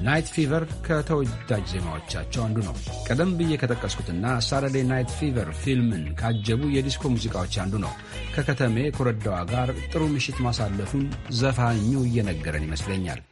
ናይት ፊቨር ከተወዳጅ ዜማዎቻቸው አንዱ ነው። ቀደም ብዬ ከጠቀስኩትና ሳተርዴ ናይት ፊቨር ፊልምን ካጀቡ የዲስኮ ሙዚቃዎች አንዱ ነው። ከከተሜ ኮረዳዋ ጋር ጥሩ ምሽት ማሳለፉን ዘፋኙ እየነገረን ይመስለኛል።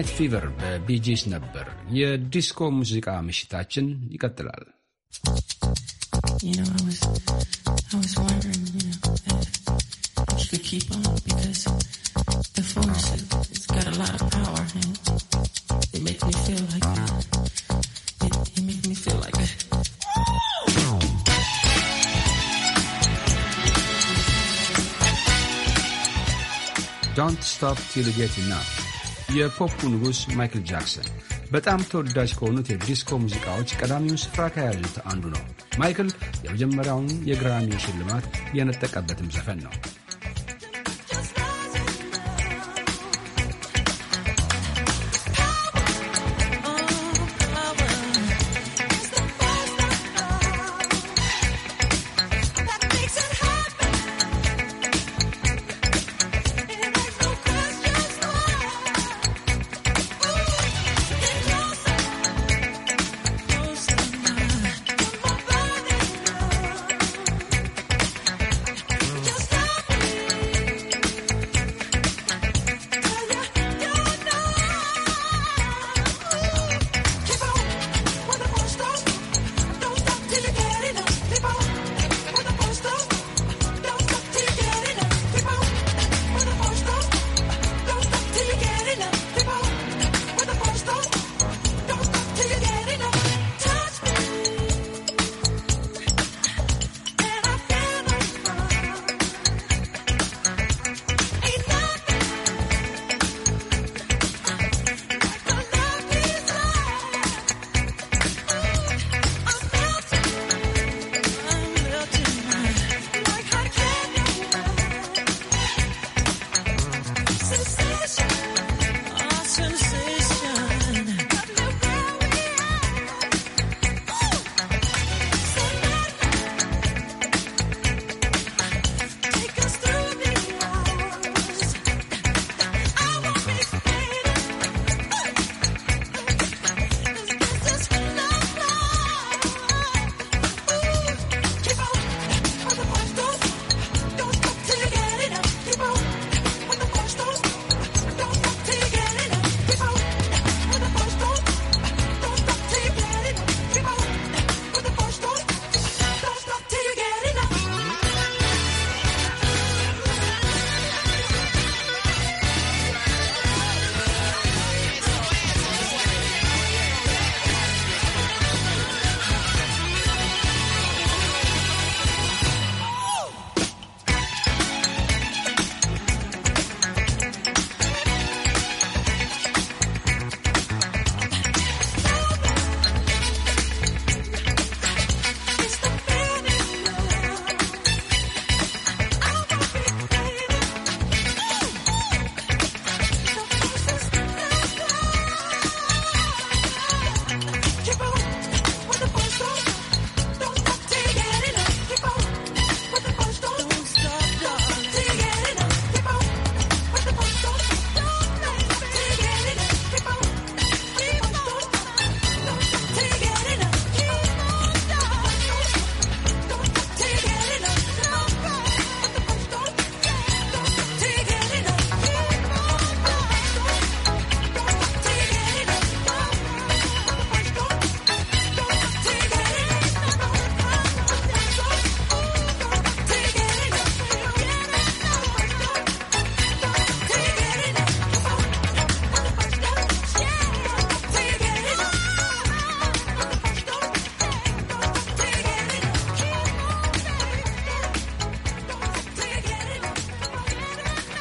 ናይት ፊቨር በቢጂስ ነበር። የዲስኮ ሙዚቃ ምሽታችን ይቀጥላል። I the Don't stop till you get enough. የፖፑ ንጉሥ ማይክል ጃክሰን በጣም ተወዳጅ ከሆኑት የዲስኮ ሙዚቃዎች ቀዳሚውን ስፍራ ከያዙት አንዱ ነው። ማይክል የመጀመሪያውን የግራሚ ሽልማት የነጠቀበትም ዘፈን ነው።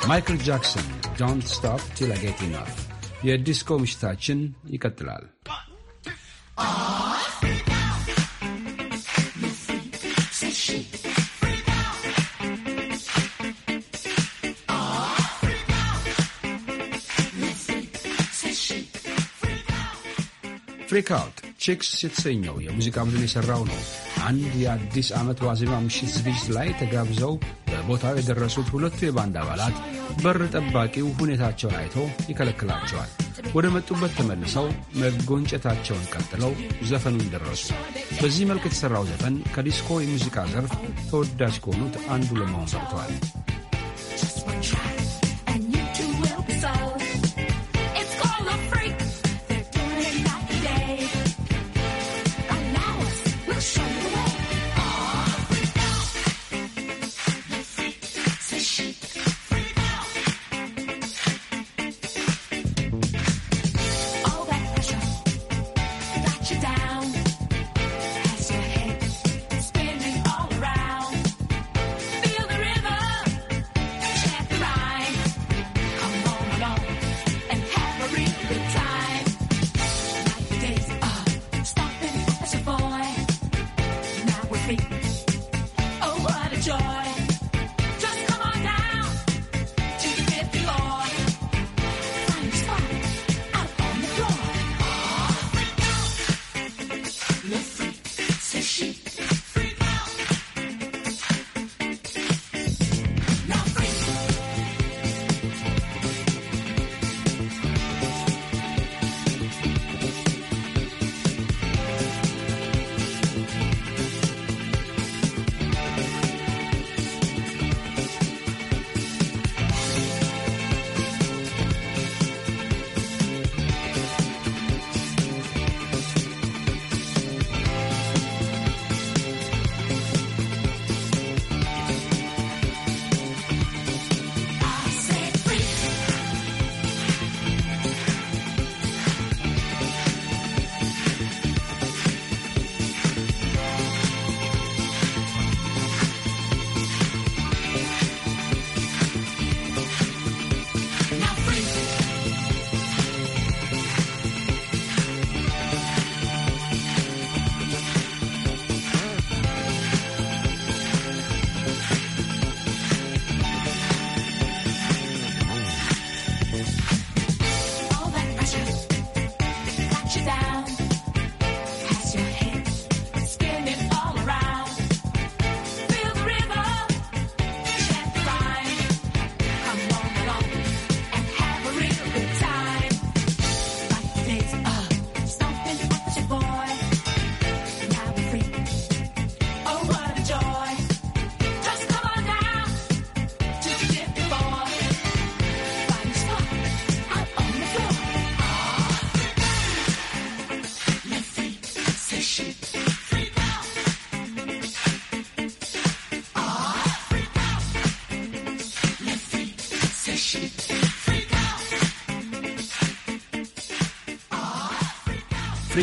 ማይክል ጃክሰን ዶንት ስቶፕ ቲል አይ ጌት ኢናፍ። የዲስኮ ምሽታችን ይቀጥላል። ፍሪክ አውት ቺክስ የተሰኘው የሙዚቃ ቡድን የሠራው ነው። አንድ የአዲስ ዓመት ዋዜማ ምሽት ዝግጅት ላይ ተጋብዘው ቦታው የደረሱት ሁለቱ የባንድ አባላት በር ጠባቂው ሁኔታቸውን አይቶ ይከለክላቸዋል። ወደ መጡበት ተመልሰው መጎንጨታቸውን ቀጥለው ዘፈኑን ደረሱ። በዚህ መልክ የተሠራው ዘፈን ከዲስኮ የሙዚቃ ዘርፍ ተወዳጅ ከሆኑት አንዱ ለመሆን በቅተዋል።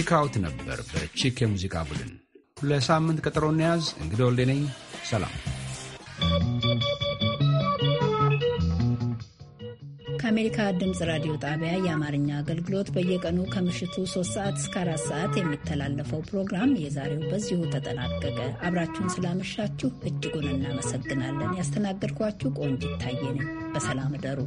ቼክ ነበር በቺክ የሙዚቃ ቡድን። ለሳምንት ቀጠሮ እንያዝ። እንግዲህ ወልዴ ነኝ። ሰላም። ከአሜሪካ ድምፅ ራዲዮ ጣቢያ የአማርኛ አገልግሎት በየቀኑ ከምሽቱ 3 ሰዓት እስከ 4 ሰዓት የሚተላለፈው ፕሮግራም የዛሬው በዚሁ ተጠናቀቀ። አብራችሁን ስላመሻችሁ እጅጉን እናመሰግናለን። ያስተናገድኳችሁ ቆንጅ ይታየ ነኝ። በሰላም እደሩ።